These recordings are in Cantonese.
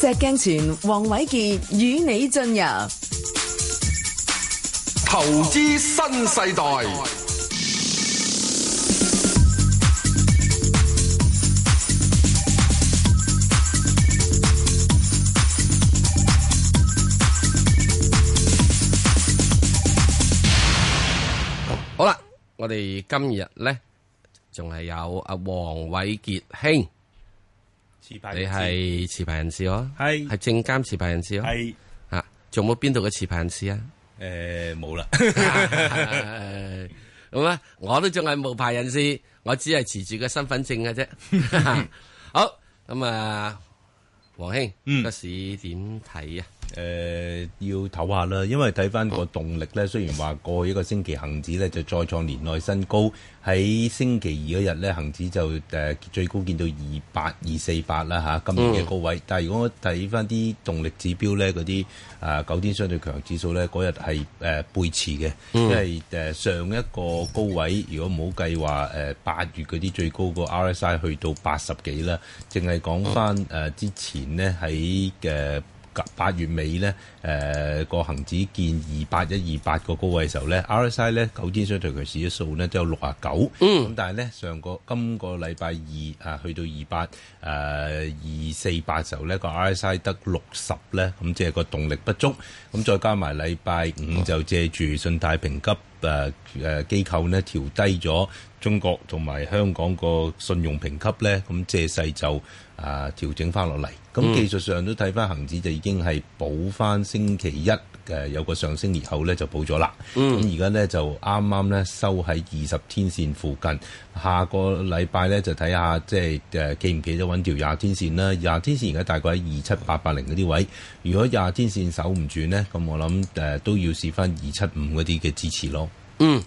石鏡泉，黃瑋傑與你進入投資新世代。世代，好啦，我哋今日呢仲係有阿黃瑋傑兄。你係持牌人士咯，係係證監持牌人士咯、哦，係吓仲冇邊度嘅持牌人士啊？誒、欸，冇啦，咁 啊，啊，啊，我都仲係無牌人士，我只係持住個身份證嘅啫。 好，咁啊，黃兄，股市點睇啊？誒、呃、要唞下啦，因為睇翻個動力咧。雖然話過去一個星期呢，恒指咧就再創年內新高。喺星期二嗰日咧，恒指就誒、呃、最高見到二八二四八啦嚇，今年嘅高位。但係如果睇翻啲動力指標咧，嗰啲啊九天相對強指數咧，嗰日係誒背馳嘅，因為誒、呃、上一個高位。如果唔好計話呃、八月嗰啲最高個 RSI 去到八十幾啦，淨係講翻誒之前呢喺嘅。八月尾咧，誒、呃、個恒指見二八一二八個高位嘅時候咧，RSI 咧九天相對強弱指數咧都有六啊九，咁但係咧上個今個禮拜二啊去到二八誒二四八時候咧，個 RSI 得六十咧，咁即係個動力不足，咁再加埋禮拜五就借住信貸評級。誒誒機構咧調低咗中國同埋香港個信用評級咧，咁借勢就啊調整翻落嚟。咁技術上都睇翻恒指就已經係補翻星期一。誒有個上升裂口咧就補咗啦，嗯，咁而家咧就啱啱咧收喺二十天線附近，下個禮拜咧就睇下即係誒記唔記得揾條廿天線啦，廿天線而家大概喺二七八八零嗰啲位，如果廿天線守唔住咧，咁我諗誒都要試翻二七五嗰啲嘅支持咯，嗯，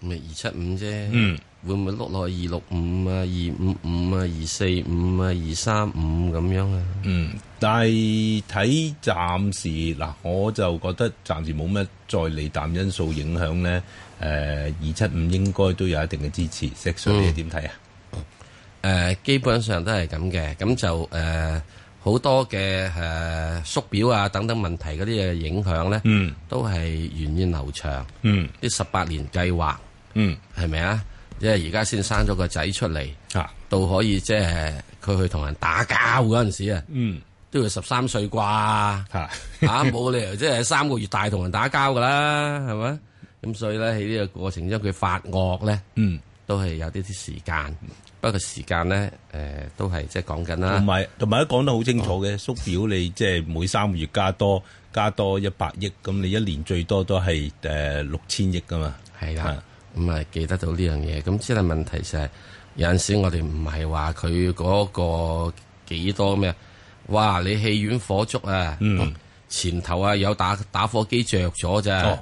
咪二七五啫，嗯。會唔會碌落去二六五啊？二五五啊？二四五啊？二三五咁樣啊？嗯，但係睇暫時嗱，我就覺得暫時冇咩再利淡因素影響咧。誒、呃，二七五應該都有一定嘅支持。石 Sir，你點睇啊？誒、呃，基本上都係咁嘅，咁就誒好、呃、多嘅誒縮表啊等等問題嗰啲嘅影響咧，嗯，都係源遠流長。嗯，呢十八年計劃，嗯，係咪啊？即係而家先生咗個仔出嚟，啊、到可以即係佢去同人打交嗰陣時、嗯、啊，都要十三歲啩，吓吓冇理由即係三個月大同人打交噶啦，係咪？咁、嗯、所以咧喺呢個過程中佢發惡咧，都係有啲啲時間。不過時間咧，誒、呃、都係即係講緊啦。唔係，同埋都講得好清楚嘅，縮、啊、表你即係每三個月加多加多一百億，咁你一年最多都係誒六千億噶嘛？係啦。咁啊記得到呢樣嘢，咁即係問題就係有陣時我哋唔係話佢嗰個幾多咩？哇！你戲院火燭啊，嗯，前頭啊有打打火機着咗啫，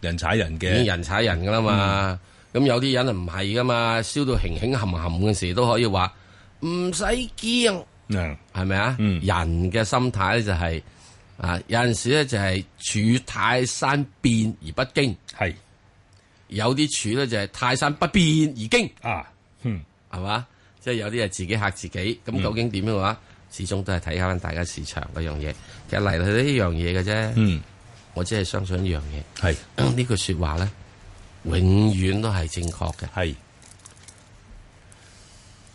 人踩人嘅，已經人踩人噶啦嘛。咁、嗯、有啲人啊唔係噶嘛，燒到輕輕冚冚嘅時都可以話唔使驚，係咪、嗯、啊？嗯、人嘅心態咧就係、是、啊，有陣時咧就係處泰山變而不驚，係。有啲處咧就係泰山不變而驚啊，嗯，係嘛，即係有啲係自己嚇自己。咁究竟點樣話，嗯、始終都係睇下大家市場嗰樣嘢。其實嚟去呢樣嘢嘅啫，嗯，我只係相信是 呢樣嘢。係呢句說話咧，永遠都係正確嘅。係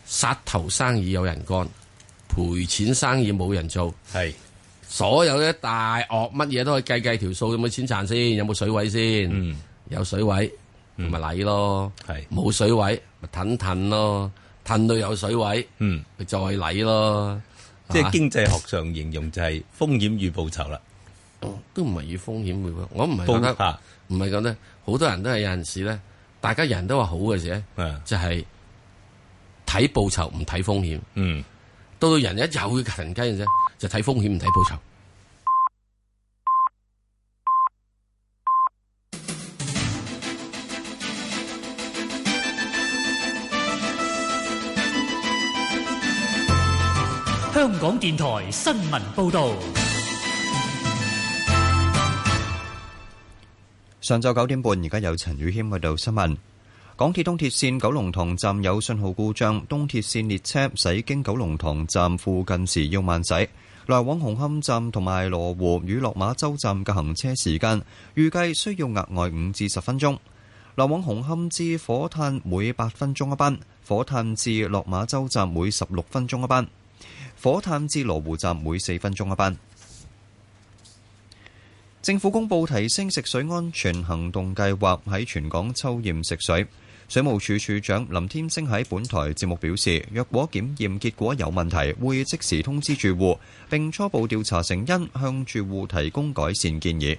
殺是頭生意有人幹，賠錢生意冇人做。係是所有一大鱷乜嘢都可以計計條數，有冇錢賺先？有冇水位先？有水位。咪嚟是咯，係冇水位咪褪褪咯，褪到有水位，嗯，咪再嚟咯，即係經濟學上形容就係風險與報酬啦。都唔係與風險回報，我唔係覺得，唔係、啊、覺得，好多人都係有陣時咧，大家人都話好嘅時咧，是就係、是、睇報酬唔睇風險。嗯，到到人一有嘅停雞嘅時咧，就睇風險唔睇報酬。香港電台新聞報道：上晝九點半，而家有陳宇謙喺度。新聞：港鐵東鐵綫九龍塘站有信號故障，東鐵綫列車駛經九龍塘站附近時要慢駛，來往紅磡站同埋羅湖與落馬洲站嘅行車時間預計需要額外五至十分鐘。來往紅磡至火炭每八分鐘一班，火炭至落馬洲站每十六分鐘一班。火炭至羅湖站每四分鐘一班。政府公布提升食水安全行動計劃，喺全港抽驗食水。水務署署長林天星喺本台節目表示，若果檢驗結果有問題，會即時通知住戶，並初步調查成因，向住戶提供改善建議。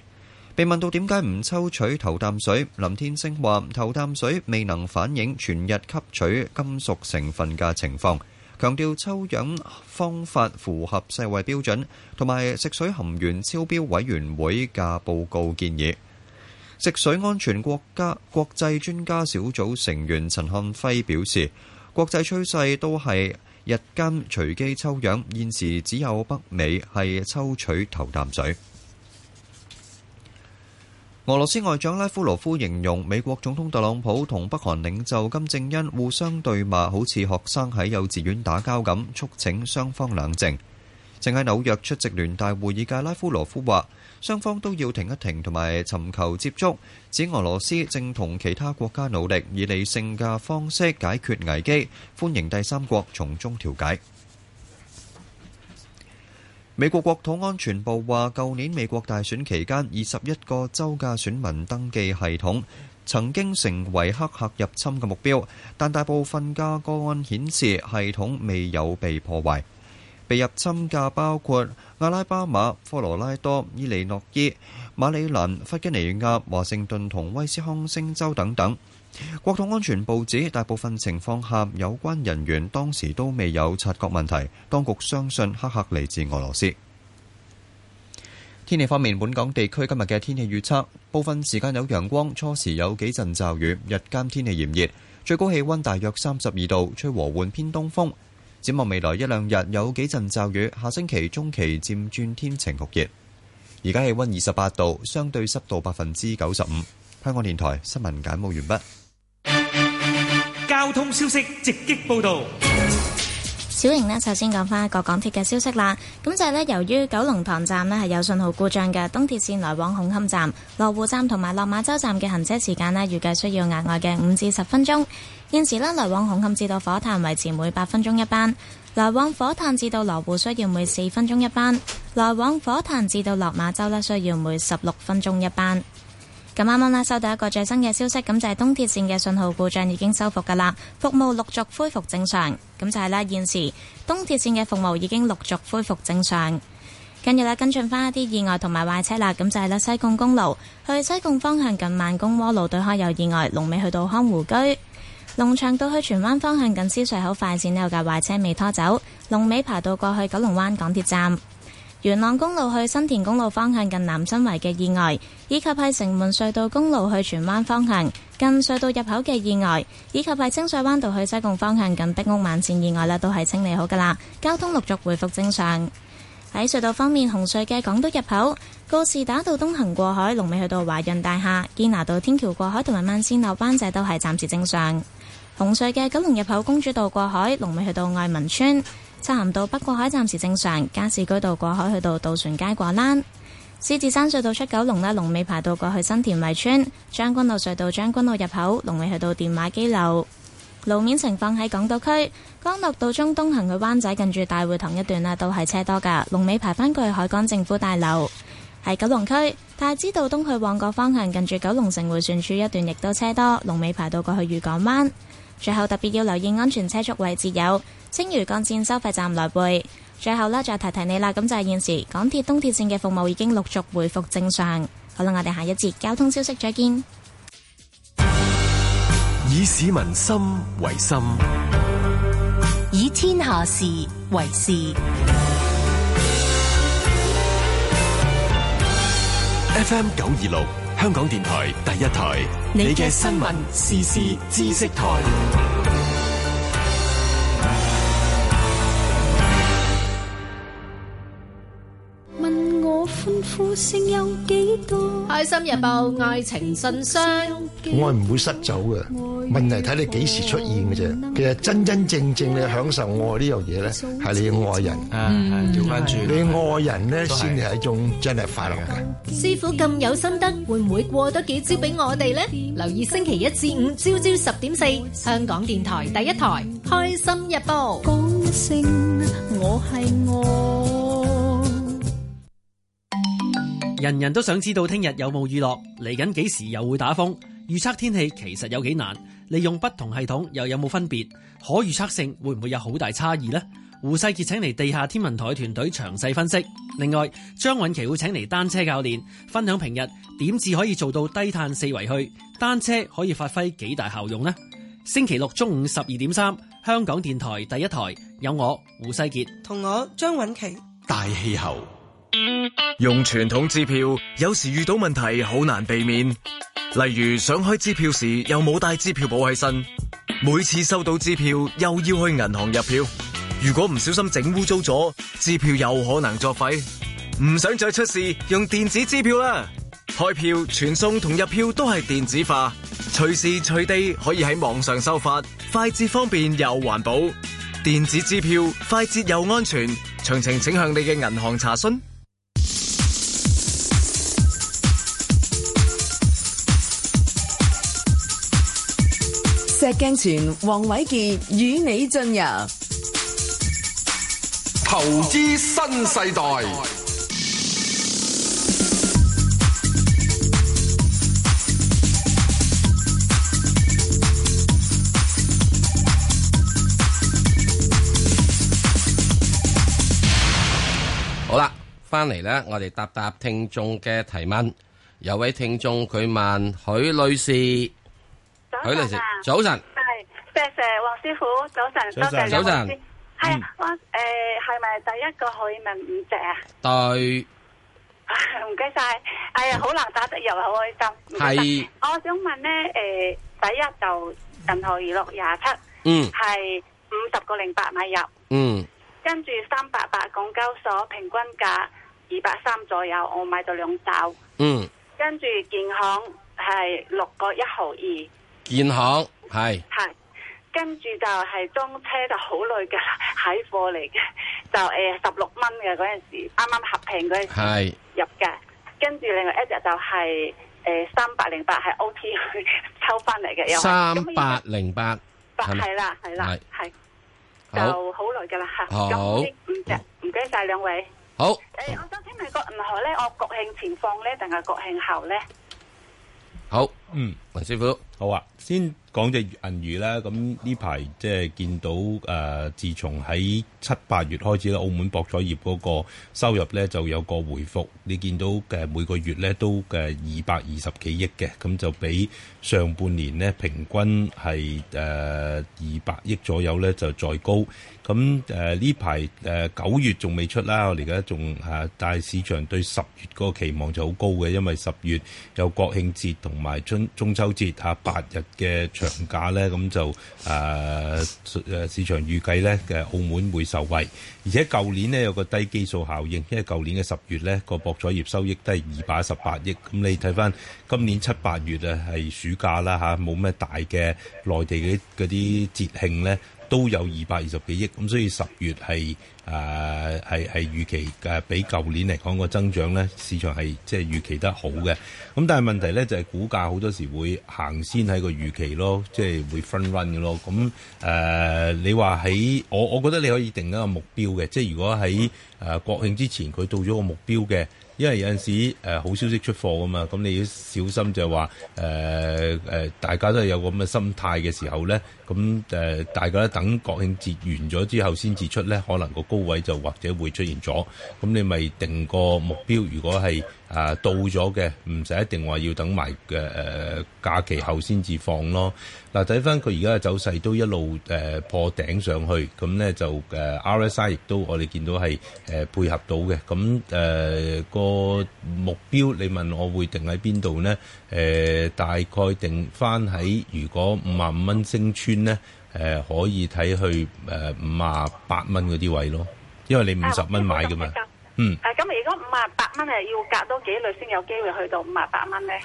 被問到點解唔抽取頭啖水，林天星話頭啖水未能反映全日吸取金屬成分嘅情況。強調抽樣方法符合世衛標準，同埋食水含鉛超標委員會嘅報告建議。食水安全國家國際專家小組成員陳漢輝表示，國際趨勢都係日間隨機抽樣，現時只有北美係抽取頭啖水。俄羅斯外長拉夫羅夫形容美國總統特朗普同北韓領袖金正恩互相對罵，好似學生喺幼稚園打交咁，促請雙方冷靜。正喺紐約出席聯大會議嘅拉夫羅夫話，雙方都要停一停，同埋尋求接觸，指俄羅斯正同其他國家努力以理性嘅方式解決危機，歡迎第三國從中調解。美國國土安全部話，舊年美國大選期間，二十一個州嘅選民登記系統曾經成為黑客入侵嘅目標，但大部分嘅個案顯示系統未有被破壞。被入侵嘅包括阿拉巴馬、科羅拉多、伊利諾伊、馬里蘭、弗吉尼亞、華盛頓同威斯康星州等等。國土安全部指，大部分情況下有關人員當時都未有察覺問題。當局相信黑客嚟自俄羅斯。天氣方面，本港地區今日嘅天氣預測，部分時間有陽光，初時有幾陣驟雨，日間天氣炎熱，最高氣温大約三十二度，吹和緩偏東風。展望未來一兩日有幾陣驟雨，下星期中期漸轉天晴酷熱。而家氣温二十八度，相對濕度百分之九十五。香港電台新聞簡報完畢。交通消息直擊報道，小瑩呢，首先講翻一個港鐵嘅消息啦。咁就係呢，由於九龍塘站呢係有信號故障嘅，東鐵綫來往紅磡站、羅湖站同埋落馬洲站嘅行車時間呢，預計需要額外嘅五至十分鐘。現時呢，來往紅磡至到火炭維持每八分鐘一班，來往火炭至到羅湖需要每四分鐘一班，來往火炭至到落馬洲呢，需要每十六分鐘一班。咁啱啱啦，剛剛收到一個最新嘅消息，咁就係、是、東鐵線嘅信號故障已經修復噶啦，服務陸續恢復正常。咁就係啦，現時東鐵線嘅服務已經陸續恢復正常。跟住啦，跟進翻一啲意外同埋壞車啦，咁就係啦，西貢公路去西貢方向近萬公窩路對開有意外，龍尾去到康湖居；龍翔道去荃灣方向近思水口快線有架壞車未拖走，龍尾爬到過去九龍灣港鐵站。元朗公路去新田公路方向近南新圍嘅意外，以及係城門隧道公路去荃灣方向近隧道入口嘅意外，以及係清水灣道去西貢方向近碧屋晚線意外啦，都係清理好噶啦，交通陸續回復正常。喺隧道方面，紅隧嘅港島入口、告士打道東行過海、龍尾去到華潤大廈、堅拿道天橋過海同埋慢線落灣仔，就都係暫時正常。紅隧嘅九龍入口、公主道過海、龍尾去到愛民村。.出行道北過海暫時正常，加士居道過海去到渡船街果欄；獅子山隧道出九龍啦，龍尾排到過去新田圍村；將軍澳隧道將軍澳入口龍尾去到電話機樓。路面情況喺港島區，江樂道中東行去灣仔近住大會堂一段啦，都係車多噶，龍尾排返過去海港政府大樓。喺九龍區，太子道東去旺角方向近住九龍城迴旋處一段亦都車多，龍尾排到過去御港灣。最後特別要留意安全車速位置，有青嶼幹線收費站來回。最後咧，再提提你啦，咁就係現時港鐵東鐵線嘅服務已經陸續回復正常。好啦，我哋下一節交通消息再見。以市民心為心，以天下事為事。F M 九二六。香港電台第一台，你嘅新聞時事知識台。《開心日報》愛情信箱，愛唔會失走嘅，問題睇你幾時出現嘅啫。其實真真正正你享受愛呢樣嘢咧，係你嘅愛人，調翻轉，你愛人咧先係一種真係快樂嘅。師傅咁有心得，會唔會過多幾招俾我哋咧？留意星期一至五朝朝十點四，香港電台第一台《開心日報》。講一聲，我係我。人人都想知道聽日有冇雨落，嚟緊幾時又會打風？預測天氣其實有幾難？利用不同系統又有冇分別？可預測性會唔會有好大差異呢？胡世杰請嚟地下天文台團隊詳細分析。另外，張允琪會請嚟單車教練分享平日點至可以做到低碳四圍去，單車可以發揮幾大效用呢？星期六中午十二點三，香港電台第一台有我胡世杰同我張允琪大氣候。用傳統支票，有時遇到問題好難避免。例如想開支票時，又冇帶支票簿喺身。每次收到支票，又要去銀行入票。如果唔小心整污糟咗，支票有可能作廢。唔想再出事，用電子支票啦。開票、傳送同入票都係電子化，隨時隨地可以喺網上收發，快捷方便又環保。電子支票快捷又安全，詳情請向你嘅銀行查詢。石鏡泉，黃瑋杰與你進入投資新世代。世代好啦，翻嚟呢，我哋答答聽眾嘅提問。有位聽眾佢問許女士。早晨，啊、早晨，係，謝謝黃師傅，早晨，早晨，早晨，係、嗯，我誒係咪第一個可以問五隻啊？對，唔該晒，係啊，好、哎、難打得入，好開心，係，是我想問咧，誒、呃，第一就銀行二六廿七，嗯，係五十個零八買入，嗯，跟住三八八港交所平均價二百三左右，我買到兩手，嗯，跟住建行係六個一毫二。建行係係跟住就係裝車就好耐嘅，喺貨嚟嘅就誒十六蚊嘅嗰陣時，啱啱合併嗰陣時入嘅。跟住是另外一隻就係誒三百零八係 O T 去抽翻嚟嘅，又三百零八八係啦，係啦係就好耐嘅啦，五隻好唔謝唔該晒兩位好誒、欸，我想請問個銀行咧，我國慶前放咧定係國慶後咧？好嗯，文師傅。好啊，先講隻銀魚啦。咁呢排即係見到誒、呃，自從喺七八月開始咧，澳門博彩業嗰個收入咧就有個回復。你見到嘅每個月咧都嘅二百二十幾億嘅，咁就比上半年咧平均係誒二百億左右咧就再高。咁誒呢排誒九月仲未出啦，我哋而家仲嚇，但係市場對十月個期望就好高嘅，因為十月有國慶節同埋春中秋節嚇。啊八日嘅長假咧，咁就誒誒、呃、市場預計咧嘅澳門會受惠，而且舊年咧有個低基數效應，因為舊年嘅十月咧個博彩業收益都係二百一十八億，咁你睇翻今年七八月啊係暑假啦嚇，冇、啊、咩大嘅內地嘅嗰啲節慶咧都有二百二十幾億，咁所以十月係，誒係係預期嘅、呃，比舊年嚟講、個增長咧，市場係即係預期得好嘅。咁但係問題咧就係、是、股價好多時會行先喺個預期咯，即係會 front run 嘅咯。咁、嗯、誒、呃，你話喺我，我覺得你可以定一個目標嘅。即係如果喺誒、呃、國慶之前佢到咗個目標嘅，因為有陣時誒、呃、好消息出貨噶嘛，咁你要小心就係話誒誒，大家都有個咁嘅心態嘅時候咧。咁誒、呃，大家等國慶節完咗之後先至出咧，可能個高位就或者會出現咗。咁你咪定個目標，如果係啊、呃、到咗嘅，唔使一定話要等埋誒、呃、假期後先至放咯。嗱、呃，睇翻佢而家嘅走勢都一路誒、呃、破頂上去，咁咧就誒、呃、RSI 亦都我哋見到係誒、呃、配合到嘅。咁誒、呃、那個目標，你問我會定喺邊度咧？誒、呃、大概定翻喺如果五萬五蚊升穿咧，誒、呃、可以睇去誒五萬八蚊嗰啲位咯，因為你五十蚊買㗎嘛，嗯。誒咁如果五萬八蚊係要隔多幾耐先有機會去到五萬八蚊咧？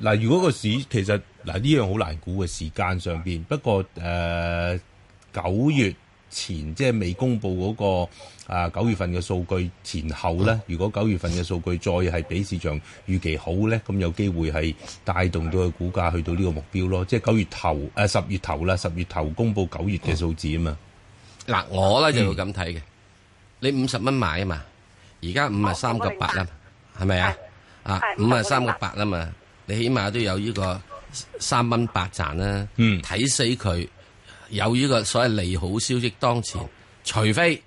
嗱，如果個市其實嗱呢樣好難估嘅時間上邊，不過誒九、呃、月。前即係未公布嗰個啊九月份嘅數據，前後咧，如果九月份嘅數據再係比市場預期好咧，咁有機會係帶動到個股價去到呢個目標咯。即係九月頭啊十月頭啦，十月頭公布九月嘅數字啊嘛。嗱、嗯，我咧就會咁睇嘅。你五十蚊買啊嘛，而家五啊三個八啦，係咪、嗯、啊？是啊五啊三個八啦嘛，你起碼都有呢個三蚊八賺啦、啊。嗯，睇死佢。有呢個所謂利好消息當前，除非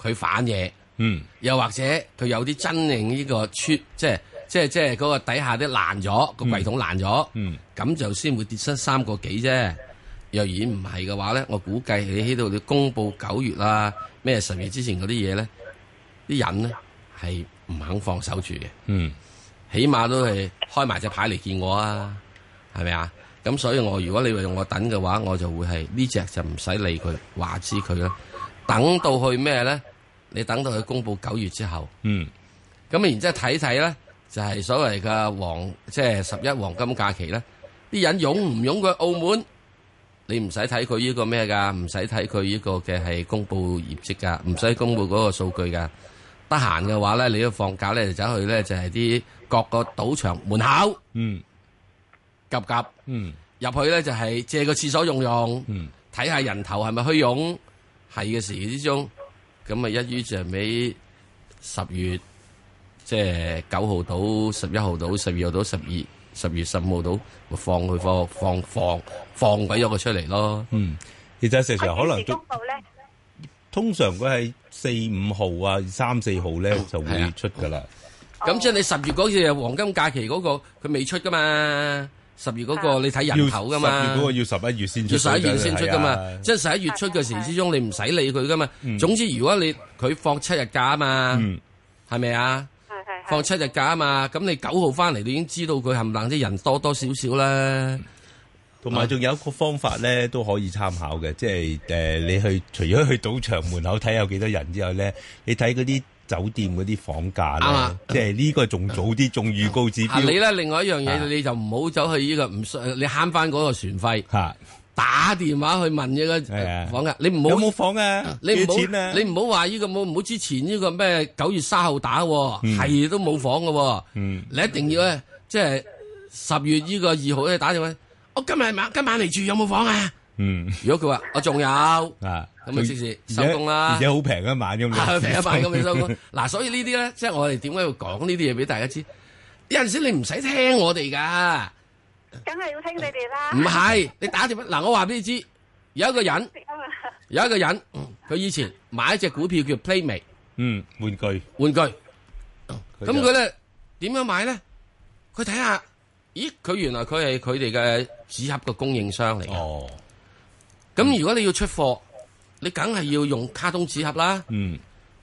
佢反嘢，嗯，又或者佢有啲真正呢個出，即係即係即係嗰個底下啲爛咗、嗯、個櫃桶爛咗，嗯，咁就先會跌失三個幾啫。若然唔係嘅話咧，我估計你喺度你公布九月啦、啊，咩十月之前嗰啲嘢咧，啲人咧係唔肯放手住嘅，嗯，起碼都係開埋隻牌嚟見我啊，係咪啊？咁所以我，我如果你話我等嘅話，我就會係呢隻就唔使理佢，話知佢啦。等到去咩咧？你等到佢公布九月之後，嗯，咁然之後睇睇咧，就係、是、所謂嘅黃，即係十一黃金假期咧，啲人湧唔湧佢去澳門？你唔使睇佢呢個咩噶，唔使睇佢呢個嘅係公布業績噶，唔使公布嗰個數據噶。得閒嘅話咧，你一放假咧就走去咧就係、是、啲各個賭場門口，嗯。夾夾，嗯，入去咧就係借個廁所用用，嗯，睇下人頭係咪虛湧，係嘅時期之中，咁咪一於就俾十月即係九號到十一號到十二號到十二十月十五號到咪放佢放放放放鬼咗佢出嚟咯，嗯，其實事實上可能通常佢係四五號啊三四號咧就會出噶啦，咁即係你十月嗰次啊黃金假期嗰個佢未出噶嘛。十月嗰個你睇人頭噶嘛？十月嗰個要十一月先出，十一月先出噶嘛？即係十一月出嗰時之中，你唔使理佢噶嘛。總之如果你佢放七日假啊嘛，係咪啊？係係。放七日假啊嘛，咁你九號返嚟你已經知道佢冚唪唥啲人多多少少啦。同埋仲有一個方法咧都可以參考嘅，即係誒你去除咗去賭場門口睇有幾多人之後咧，你睇嗰啲酒店嗰啲房價咧，即係呢個仲早啲，仲預告指標。你咧另外一樣嘢，你就唔好走去呢個唔，你慳翻嗰個船費。嚇，打電話去問呢個房價，你唔好冇房啊！你唔好你唔好話呢個冇冇之前呢個咩九月三號打，係都冇房嘅。嗯，你一定要咧，即係十月呢個二號咧打電話，我今日晚今晚嚟住有冇房啊？嗯，如果佢話我仲有啊，咁咪即時收工啦，而且好平一晚咁樣，平一晚咁樣收工。嗱，所以呢啲咧，即係我哋點解要講呢啲嘢俾大家知？有陣時你唔使聽我哋噶梗係要聽你哋啦。唔係，你打電話。嗱，我話俾你知，有一個人，有一個人，佢以前買一隻股票叫 Playmate，嗯，玩具，玩具。咁佢咧點樣買咧？佢睇下，咦？佢原來佢係佢哋嘅紙盒嘅供應商嚟嘅。咁、嗯、如果你要出貨，你梗係要用卡通紙盒啦。嗯，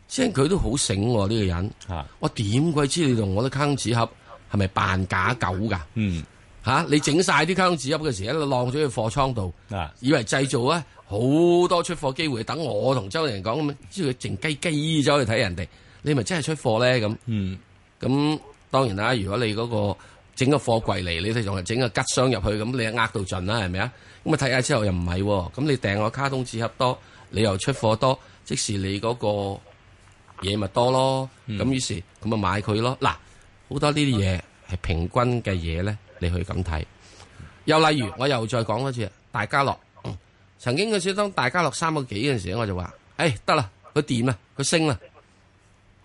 即係佢都好醒喎呢個人。嚇、啊，我點鬼知你同我啲卡通紙盒係咪扮假狗㗎？嗯，嚇、啊、你整晒啲卡通紙盒嘅時候，喺度晾咗喺貨倉度，啊、以為製造啊，好多出貨機會，等我同周圍人講咁，知佢靜雞雞走去睇人哋，你咪真係出貨咧咁、嗯嗯。嗯，咁當然啦，如果你嗰、那個。整個貨櫃嚟，你哋仲係整個吉箱入去，咁你壓到盡啦，係咪啊？咁啊睇下之後又唔係、啊，咁你訂我卡通紙盒多，你又出貨多，即是你嗰個嘢咪多咯。咁、嗯、於是咁咪買佢咯。嗱，好多呢啲嘢係平均嘅嘢咧，你去咁睇。又例如，我又再講一次，大家樂、嗯、曾經嘅時當大家樂三個幾嘅時咧，我就話：哎、欸，得啦，佢掂啊，佢升啦，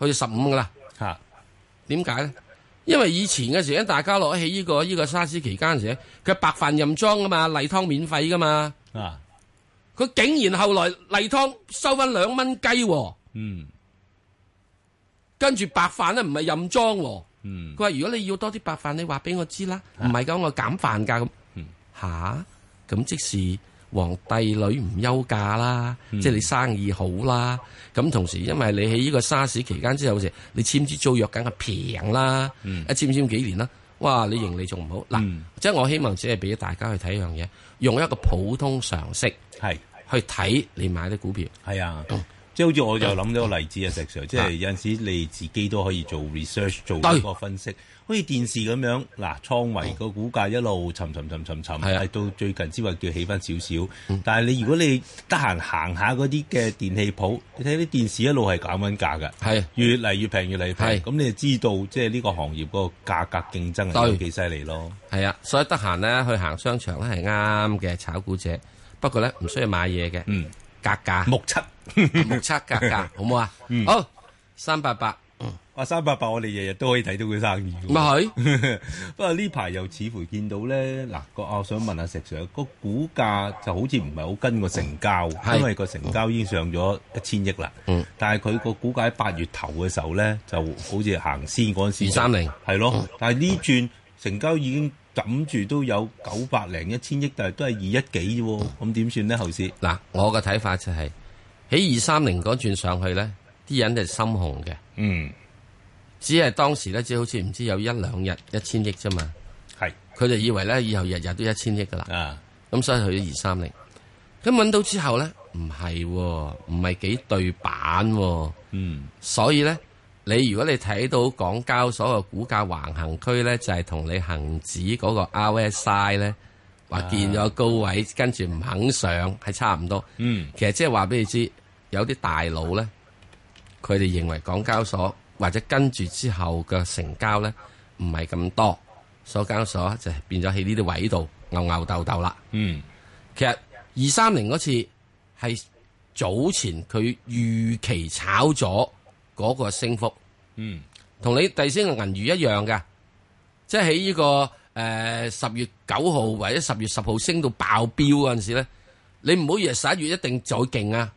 去十五噶啦。嚇的？點解咧？因為以前嘅時，咧大家落咗呢依個依、這個沙士期間嘅時候，佢白飯任裝噶嘛，例湯免費噶嘛。啊！佢竟然後來例湯收翻兩蚊雞喎。嗯。跟住白飯咧唔係任裝喎、哦。嗯。佢話如果你要多啲白飯，你話俾我知啦。唔係噶，我減飯噶咁。吓？咁、嗯啊、即係。皇帝女唔憂嫁啦，嗯、即係你生意好啦。咁、嗯、同時，因為你喺呢個沙士期間之後時，你簽支租約梗係平啦。嗯，一簽簽幾年啦，哇！你盈利仲唔好嗱、嗯？即係我希望只係俾大家去睇一樣嘢，用一個普通常識係去睇你買啲股票。係啊，嗯、即係好似我就諗咗個例子啊，石、嗯、Sir，、嗯嗯、即係有陣時你自己都可以做 research 做一個分析。好似電視咁樣，嗱，創維個股價一路沉沉，沉沉沉沉沉，係、啊、到最近先話叫起翻少少。嗯、但係你如果你得閒行下嗰啲嘅電器鋪，嗯、你睇啲電視一路係減緊價嘅，係、啊、越嚟越平越嚟越平。係咁、啊，你就知道即係呢個行業嗰個價格競爭係幾犀利咯。係啊，所以得閒呢去行商場咧係啱嘅，炒股者。不過咧唔需要買嘢嘅，嗯，格價格目測七， 目測格價好唔好啊？好，三八八。啊，三八八我哋日日都可以睇到佢生意。咪係？ 不過呢排又似乎見到咧，嗱個，我想問下石 Sir 個股價就好似唔係好跟個成交，是因為個成交已經上咗一千億啦。嗯。但係佢個股價喺八月頭嘅時候咧，就好似行先嗰陣時。二三零。係咯。嗯、但係呢轉成交已經揼住都有九百零一千億，但係都係二一幾啫喎。咁點算咧，後市？嗱，我嘅睇法就係喺二三零嗰轉上去咧，啲人係心雄嘅。嗯。只係當時咧，只好似唔知有一兩日一千億啫嘛。係，佢就以為咧，以後日日都一千億噶啦。啊，咁所以去咗二三零。咁揾到之後咧，唔係、哦，唔係幾對版、哦、嗯，所以咧，你如果你睇到港交所個股價橫行區咧，就係同你恒指嗰個 RSI 咧，話見咗高位跟住唔肯上，係差唔多。嗯，其實即係話俾你知，有啲大佬咧，佢哋認為港交所。或者跟住之後嘅成交咧，唔係咁多，所交所就變咗喺呢啲位度牛牛豆豆啦。嗯，其實二三年嗰次係早前佢預期炒咗嗰個升幅，嗯，同你第升嘅銀娛一樣嘅，即係喺呢個誒、呃、十月九號或者十月十號升到爆表嗰陣時咧，你唔好以為十一月一定再勁啊！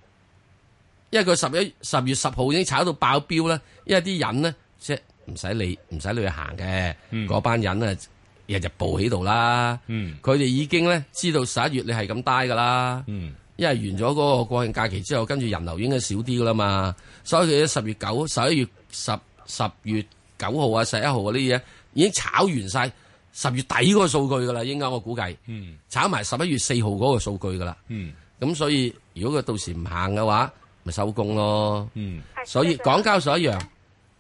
因為佢十一十月十號已經炒到爆表啦，因為啲人呢，即係唔使你唔使你去行嘅，嗰班、嗯、人啊日日佈喺度啦。佢哋、嗯、已經呢，知道十一月你係咁呆噶啦。嗯、因為完咗嗰個國慶假期之後，跟住人流應該少啲噶啦嘛，所以佢十月九、十一月十、十月九號啊、十一號啊啲嘢已經炒完晒十月底嗰個數據噶啦，應該我估計、嗯、炒埋十一月四號嗰個數據噶啦。咁、嗯、所以如果佢到時唔行嘅話，咪收工咯，所以港交所一樣，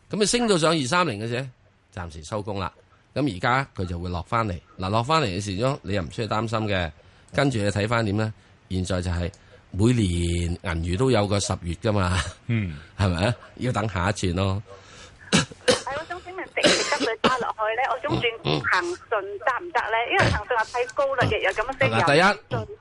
咁你升到上二三零嘅啫，暫時收工啦。咁而家佢就會落翻嚟，嗱，落翻嚟嘅時鐘你又唔需要擔心嘅。跟住你睇翻點咧？現在就係每年銀魚都有個十月噶嘛，係咪啊？要等下一次咯。係我想請問，直直跟佢揸落去咧，我中轉行順得唔得咧？因為行順率太高啦，日日咁樣升。嗱，第一。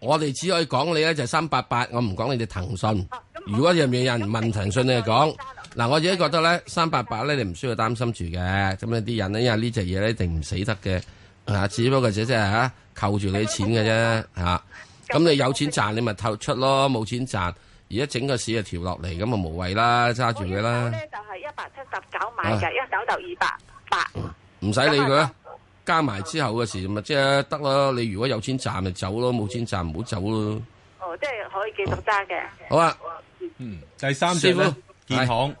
我哋只可以講你咧就三八八，我唔講你哋騰訊。嗯、如果入面有人問騰訊，你又講。嗱，我自己覺得咧三八八咧，呢嗯、你唔需要擔心住嘅。咁咧啲人咧，因為呢隻嘢，咧一定唔死得嘅，吓、啊，只不過就即係吓扣住你啲錢嘅啫，吓、啊。咁你有錢賺，你咪透出咯；冇錢賺，而家整個市就調落嚟，咁啊無謂啦，揸住佢啦。我咧就係一百七十九買嘅，一走就二百八，唔使理佢。加埋之後嘅事咁即係得啦。你如果有錢賺就走咯，冇錢賺唔好走咯。哦，即係可以繼續揸嘅。好啊。嗯。第三隻咧，吧建行。哎、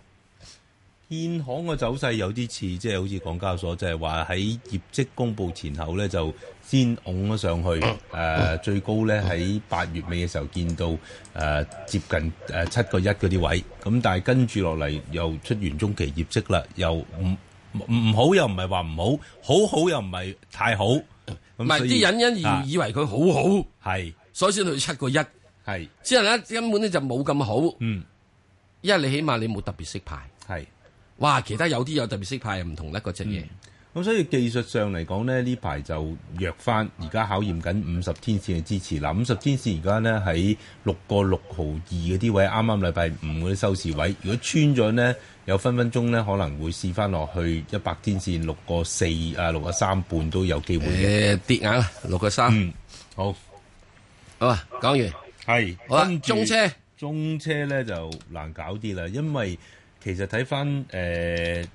建行嘅走勢有啲似，即、就、係、是、好似港交所，即係話喺業績公布前後咧，就先拱咗上去。誒、嗯，呃、最高咧喺八月尾嘅時候見到誒、呃、接近誒七個一嗰啲位。咁但係跟住落嚟又出完中期業績啦，又唔～唔好又唔係話唔好，好好又唔係太好，唔係啲人因以以為佢好好，係是，所以先去七個一，係，之後咧根本咧就冇咁好，嗯，因為起碼你起碼你冇特別識牌，係是，哇，其他有啲有特別識牌又唔同啦嗰隻嘢，咁、嗯、所以技術上嚟講咧呢排就弱返，而家考驗緊五十天線嘅支持，嗱五十天線而家咧喺六個六毫二嗰啲位，啱啱禮拜五嗰啲收市位，如果穿咗咧。有分分鐘咧，可能會試翻落去一百天線，六個四啊，六個三半都有機會嘅。誒跌硬啦，六個三。嗯，好，好啊，講完。係跟住中車，中車咧就難搞啲啦，因為其實睇翻誒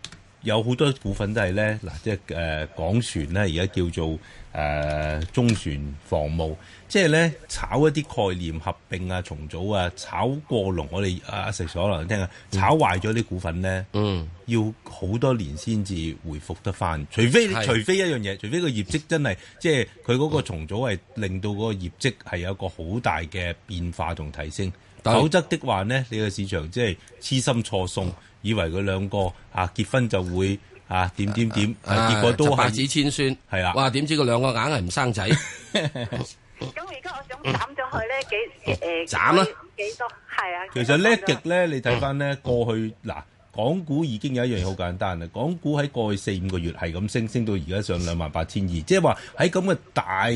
有好多股份都係咧，嗱，即係誒港船咧而家叫做。誒、呃、中船防務，即係咧炒一啲概念合併啊、重組啊，炒過龍，我哋阿石所能聽下，炒壞咗啲股份咧，嗯，要好多年先至回復得翻，除非的除非一樣嘢，除非個業績真係，即係佢嗰個重組係令到嗰個業績係有個好大嘅變化同提升，否的則的話呢，你個市場即係痴心錯送，以為佢兩個啊結婚就會。啊，點點點，結果都係百子千孫，係啦、啊。哇，點知佢兩個硬係唔生仔。咁而家我想斬咗佢咧，幾誒？斬、呃、啦！幾多？係啊。其實一呢一極咧，你睇翻咧過去嗱，港股已經有一樣嘢好簡單啦。港股喺過去四五個月係咁升，升到而家上兩萬八千二，即係話喺咁嘅大，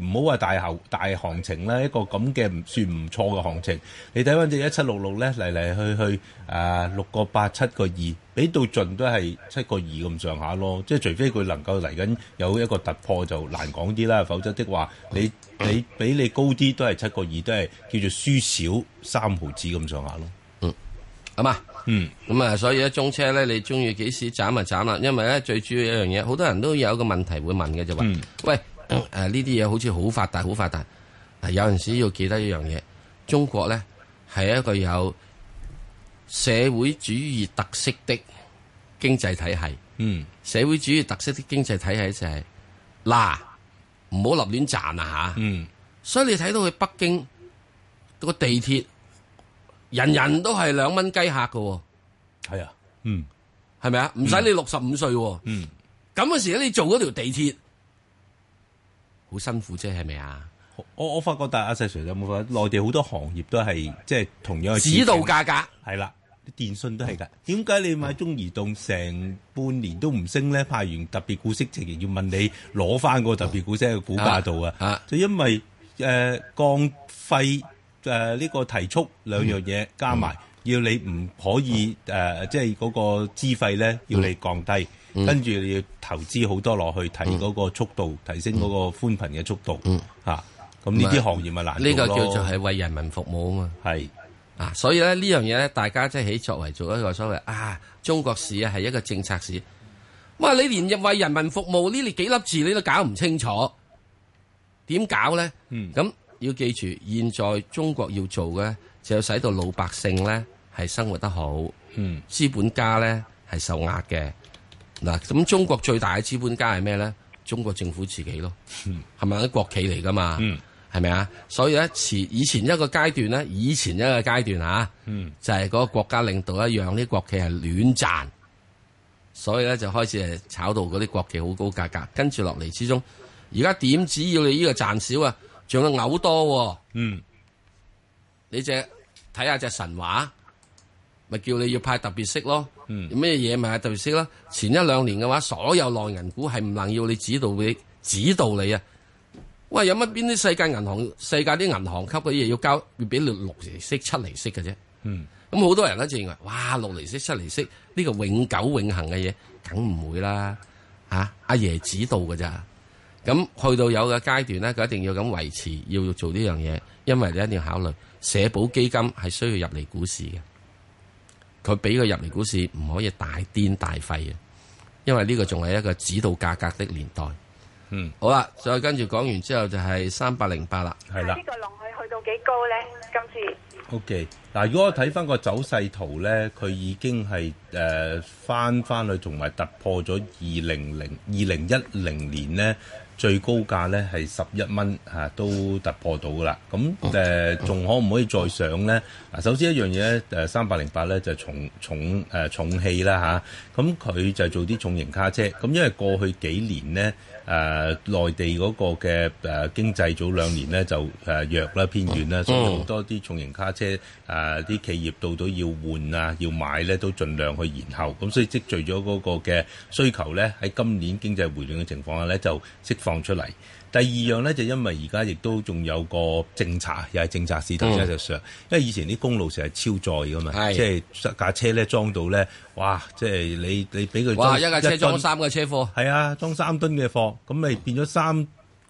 唔好話大後大行情啦，一個咁嘅算唔錯嘅行情。你睇翻隻一七六六咧，嚟嚟去去啊，六個八，七個二。俾到盡都係七個二咁上下咯，即係除非佢能夠嚟緊有一個突破就難講啲啦，否則的話你你俾你高啲都係七個二，都係叫做輸少三毫子咁上下咯。嗯，係咪？嗯，咁啊、嗯，所以咧中車咧，你中意幾時斬啊斬啊，因為咧最主要一樣嘢，好多人都有一個問題會問嘅就話，喂，誒呢啲嘢好似好發達好發達，有陣時要記得一樣嘢，中國咧係一個有社會主義特色的經濟體系，嗯，社會主義特色的經濟體系就係、是、嗱，唔好立亂賺啊吓，嗯，所以你睇到去北京個地鐵，人人都係兩蚊雞客噶、哦，係啊，嗯，係咪啊？唔使你六十五歲、哦，嗯，咁嗰時候你做嗰條地鐵，好辛苦啫，係咪啊？我我發覺，大阿 Sir 有冇發覺內地好多行業都係即係同樣嘅指導價格，係啦，電信都係㗎。點解你買中移動成半年都唔升咧？派完特別股息，直然要問你攞翻個特別股息嘅股價度啊！啊就因為誒、呃、降費誒呢、呃這個提速、嗯、兩樣嘢加埋，嗯、要你唔可以誒，即係嗰個資費咧要你降低，跟住、嗯嗯、你要投資好多落去提嗰個速度，提升嗰個寬頻嘅速度嚇。嗯嗯。咁呢啲行業咪難呢、呢個叫做係為人民服務啊嘛係是啊，所以咧呢樣嘢咧，大家即係起作為做一個所謂啊，中國市係一個政策市。哇、啊，你連入為人民服務呢啲幾粒字你都搞唔清楚，點搞咧？嗯，咁要記住，現在中國要做嘅，就要使到老百姓咧係生活得好。嗯，資本家咧係受壓嘅。嗱，咁中國最大嘅資本家係咩咧？中國政府自己咯，係咪啲國企嚟噶嘛？嗯。係咪啊？所以咧，前以前一個階段咧，以前一個階段吓，段嗯、就係嗰個國家領導一樣，啲國企係亂賺，所以咧就開始係炒到嗰啲國企好高價格，跟住落嚟之中，而家點只要你呢個賺少啊，仲要嘔多、啊。嗯，你只睇下隻神話，咪叫你要派特別息咯。咩嘢咪係特別息咯？前一兩年嘅話，所有內人股係唔能要你指導你，指導你啊！我有乜邊啲世界銀行、世界啲銀行級嘅嘢，要交要俾六厘息、七厘息嘅啫。嗯，咁好多人咧就認為，哇，六厘息、七厘息呢，呢個永久永恆嘅嘢，梗唔會啦。吓，啊，阿爺指導㗎咋？咁去到有個階段咧，佢一定要咁維持，要做呢樣嘢，因為你一定要考慮社保基金係需要入嚟股市嘅。佢俾佢入嚟股市唔可以大癲大廢嘅，因為呢個仲係一個指導價格的年代。嗯，好啦，再跟住講完之後就係三百零八啦，係啦的。呢個浪去去到幾高咧？今次？OK。嗱，如果我睇翻個走勢圖咧，佢已經係誒翻翻去，同埋突破咗二零零二零一零年咧最高價咧係十一蚊嚇，都突破到噶啦。咁誒仲可唔可以再上咧？嗱、啊，首先一樣嘢咧誒三百零八咧就重重誒、呃、重汽啦嚇，咁、啊、佢就做啲重型卡車。咁、啊、因為過去幾年咧誒、啊、內地嗰個嘅誒、啊、經濟早兩年咧就誒、啊、弱啦偏軟啦，啊哦、所以好多啲重型卡車啊～誒啲、啊、企業到到要換啊要買咧都盡量去延後，咁、嗯、所以積聚咗嗰個嘅需求咧喺今年經濟回暖嘅情況下咧就釋放出嚟。第二樣咧就因為而家亦都仲有個政策，又係政策市頭先就上，嗯、因為以前啲公路成日超載噶嘛，的即係架車咧裝到咧，哇！即係你你俾佢哇一架車裝三個車貨，係啊噬裝三噸嘅貨，咁咪變咗三。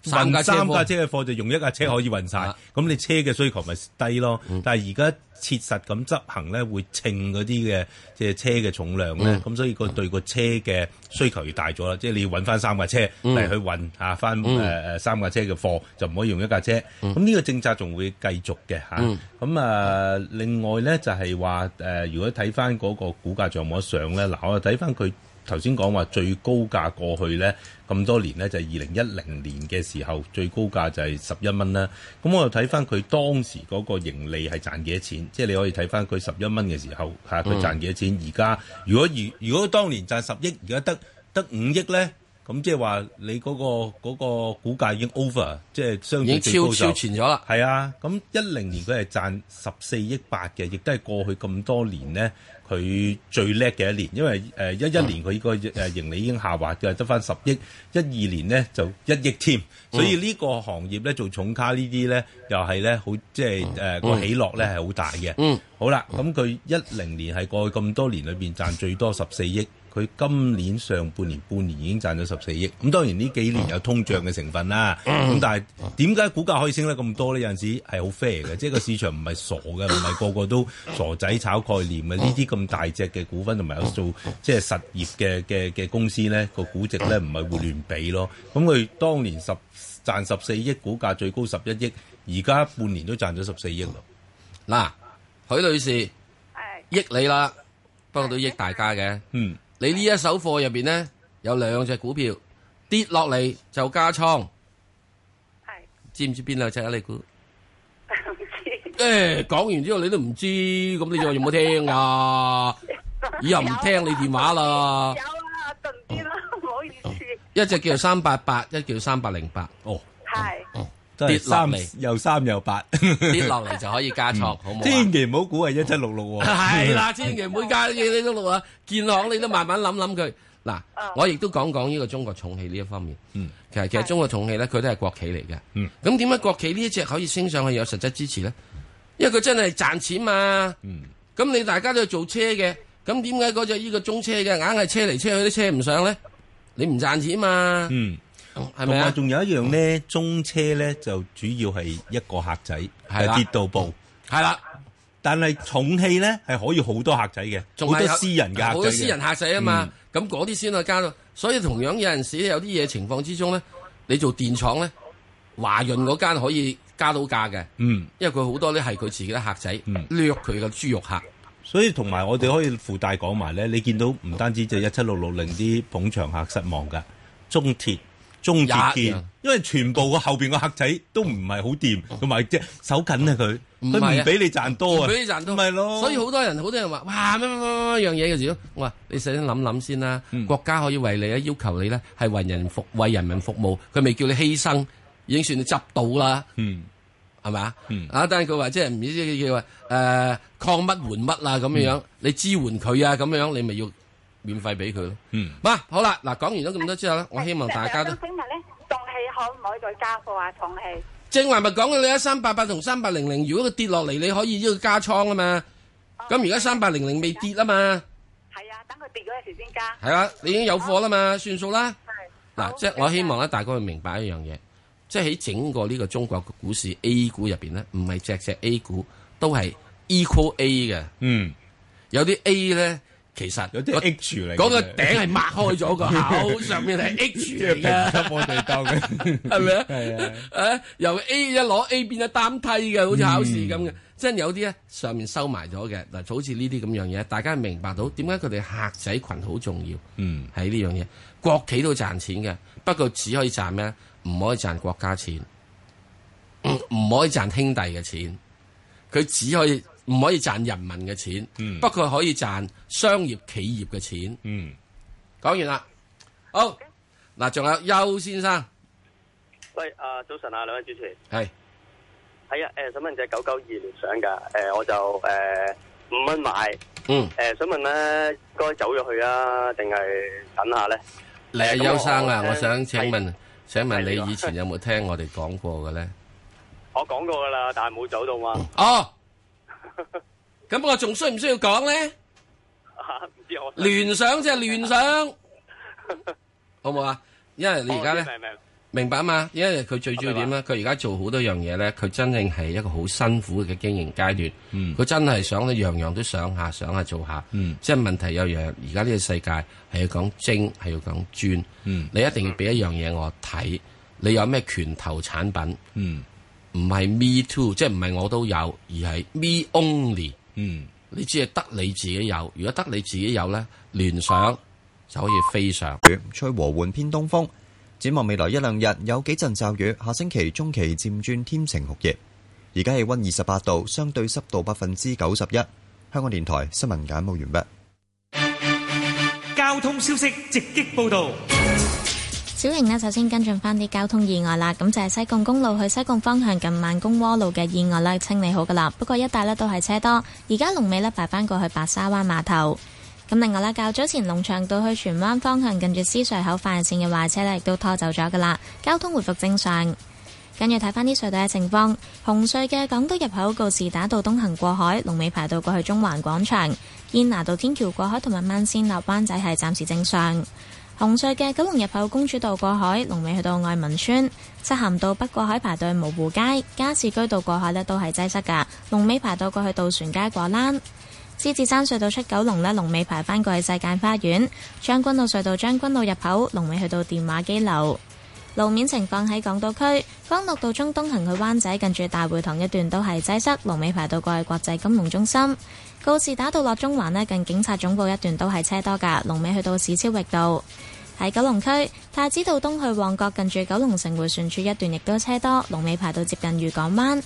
三架車嘅貨就用一架車可以運晒，咁、嗯、你車嘅需求咪低咯？嗯、但係而家切實咁執行咧，會稱嗰啲嘅即係車嘅重量咧，咁、嗯、所以個對個車嘅需求要大咗啦。嗯、即係你要揾翻三架車嚟、嗯、去運嚇翻誒誒三架車嘅貨，嗯、就唔可以用一架車。咁呢、嗯、個政策仲會繼續嘅嚇。咁、嗯、啊，另外咧就係話誒，如果睇翻嗰個股價冇得上咧，嗱我啊睇翻佢。頭先講話最高價過去呢咁多年呢，就係二零一零年嘅時候最高價就係十一蚊啦。咁我又睇翻佢當時嗰個盈利係賺幾多錢，即係你可以睇翻佢十一蚊嘅時候嚇佢賺幾多錢。而家、嗯、如果如如果當年賺十億，而家得得五億呢，咁即係話你嗰個嗰個股價已經 over，即係相對已經超超前咗啦。係啊，咁一零年佢係賺十四億八嘅，亦都係過去咁多年呢。佢最叻嘅一年，因為誒、呃、一一年佢個誒盈利已經下滑嘅，得翻十億，一二年呢，就一億添，所以呢個行業咧做重卡呢啲咧，又係咧好即係誒、呃那個起落咧係好大嘅。嗯，好啦，咁佢一零年係過去咁多年裏邊賺最多十四億。佢今年上半年半年已經賺咗十四億，咁當然呢幾年有通脹嘅成分啦。咁但係點解股價可以升得咁多呢？有陣時係好 fair 嘅，即係個市場唔係傻嘅，唔係個個都傻仔炒概念嘅。呢啲咁大隻嘅股份同埋有做即係實業嘅嘅嘅公司咧，個估值咧唔係會亂比咯。咁佢當年十賺十四億，股價最高十一億，而家半年都賺咗十四億啦。嗱，許女士，益你啦，不過都益大家嘅，嗯。你呢一手貨入邊咧，有兩隻股票跌落嚟，就加倉，係知唔知邊兩隻啊？你估？唔知。誒，講完之後你都唔知，咁你仲有冇聽啊？ 以後唔聽你電話啦。 有啊，鈍啲啦，唔好意思。Oh. Oh. Oh. 一隻叫三八八，一叫三八零八。哦，係。跌三嚟又三又八，跌落嚟就可以加倉，好冇啊！千祈唔好估係一七六六喎。係啦，千祈唔好加呢啲六六啊！建行你都慢慢諗諗佢嗱，我亦都講講呢個中國重汽呢一方面。嗯，其實其實中國重汽咧，佢都係國企嚟嘅。嗯，咁點解國企呢一隻可以升上去有實質支持咧？因為佢真係賺錢嘛。嗯，咁你大家都做車嘅，咁點解嗰隻呢個中車嘅硬係車嚟車去都車唔上咧？你唔賺錢嘛？係咪啊？仲有一樣呢，中車咧就主要係一個客仔係的跌到步。係啦的。但係重汽咧係可以好多客仔嘅，好有多私人噶，好多私人客仔啊嘛。咁嗰啲先去加咯。所以同樣有陣時有啲嘢情況之中咧，你做電廠咧，華潤嗰間可以加到價嘅，嗯，因為佢好多咧係佢自己嘅客仔，掠佢嘅豬肉客。所以同埋我哋可以附帶講埋咧，你見到唔單止就一七六六零啲捧場客失望噶，中鐵。中鐵建，因為全部個後邊個客仔都唔係好掂，同埋即係守緊啊佢，佢唔俾你賺多啊，唔係咯。所以好多人好多人話哇乜乜乜乜樣嘢嘅時候。我話你首先諗諗先啦，國家可以為你啊要求你咧係為人服為人民服務，佢未叫你犧牲，已經算你執到啦，係咪啊？啊，但係佢話即係唔知叫話誒抗乜援乜啦咁樣樣，你支援佢啊咁樣，你咪要。免費俾佢咯，嗯，哇、啊，好啦，嗱，講完咗咁多之後咧，啊、我希望大家都今日咧動氣可唔可以再加貨啊？動氣正話咪講嘅你一、啊、三八八同三八零零，如果佢跌落嚟，你可以要加倉啊嘛。咁而家三八零零未跌啊嘛，係啊，等佢跌嗰時先加。係啊，你已經有貨啦嘛，哦、算數啦。嗱，即係我希望咧，大家去明白一樣嘢，即係喺整個呢個中國嘅股市 A 股入邊咧，唔係只只 A 股都係 equal A 嘅，嗯，有啲 A 咧。嗯其實有啲 H 嚟，嗰個頂係擘開咗個口， 上面係 H 嚟 是啊！鋪係咪啊？係啊，啊由 A 一攞 A 變咗單梯嘅，好似考試咁嘅。即係，嗯，有啲咧，上面收埋咗嘅嗱，就好似呢啲咁樣嘢，大家明白到點解佢哋客仔群好重要？嗯，係呢樣嘢，國企都賺錢嘅，不過只可以賺咩？唔可以賺國家錢，唔可以賺兄弟嘅錢，佢只可以。唔可以賺人民嘅錢，不過可以賺商業企業嘅錢。嗯，講完啦。好，嗱，仲有邱先生。喂，阿早晨啊，兩位主持。係。係啊，誒，想問隻九九二聯想噶，誒，我就誒五蚊買。嗯。誒，想問咧，該走咗去啊，定係等下咧？嚟啊，邱生啊，我想請問，請問你以前有冇聽我哋講過嘅咧？我講過噶啦，但係冇走到啊。哦。咁 我仲需唔需要講咧？聯 想即係聯想，好唔好啊？因為你而家咧， 明白啊嘛？因為佢最主要點咧，佢而家做好多樣嘢咧，佢真正係一個好辛苦嘅經營階段。佢、嗯、真係想，樣樣都想下，想下做下。嗯、即係問題有樣，而家呢個世界係要講精，係要講專。嗯、你一定要俾一樣嘢、嗯、我睇，你有咩拳頭產品？嗯。唔係 me too，即係唔係我都有，而係 me only。嗯，你只係得你自己有。如果得你自己有呢，聯想就可以非常。嗯、吹和緩偏東風，展望未來一兩日有幾陣驟雨，下星期中期漸轉天晴酷熱。而家氣温二十八度，相對濕度百分之九十一。香港電台新聞簡報完畢。交通消息直擊報導。小瑩呢，首先跟進返啲交通意外啦，咁就係西貢公路去西貢方向近孟公屋路嘅意外啦，清理好噶啦。不過一帶呢都係車多，而家龍尾呢排返過去白沙灣碼頭。咁另外呢，較早前龍翔道去荃灣方向近住獅隧口快線嘅壞車呢，亦都拖走咗噶啦，交通回復正常。跟住睇返啲隧道嘅情況，紅隧嘅港島入口告士打道東行過海，龍尾排到過去中環廣場，堅拿道天橋過海同埋慢線落灣仔係暫時正常。紅隧嘅九龍入口公主道過海，龍尾去到愛民村，漆咸道北過海排到蕪湖街、加士居道過海咧都係擠塞噶，龍尾排到過去渡船街果欄。獅子山隧道出九龍咧，龍尾排翻過去世界花園、將軍澳隧道將軍澳入口，龍尾去到電話機樓。路面情況喺港島區，干諾道中東行去灣仔近住大會堂一段都係擠塞，龍尾排到過去國際金融中心。告士打道落中環咧，近警察總部一段都係車多噶，龍尾去到史超域道。喺九龍區太子道東去旺角，近住九龍城迴旋處一段亦都車多，龍尾排到接近漁港灣。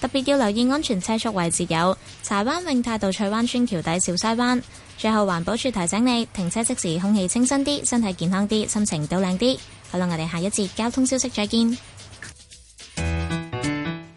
特別要留意安全車速位置有柴灣永泰道、翠灣村橋底、小西灣。最後環保處提醒你，停車熄匙空氣清新啲，身體健康啲，心情都靚啲。好啦，我哋下一節交通消息再見。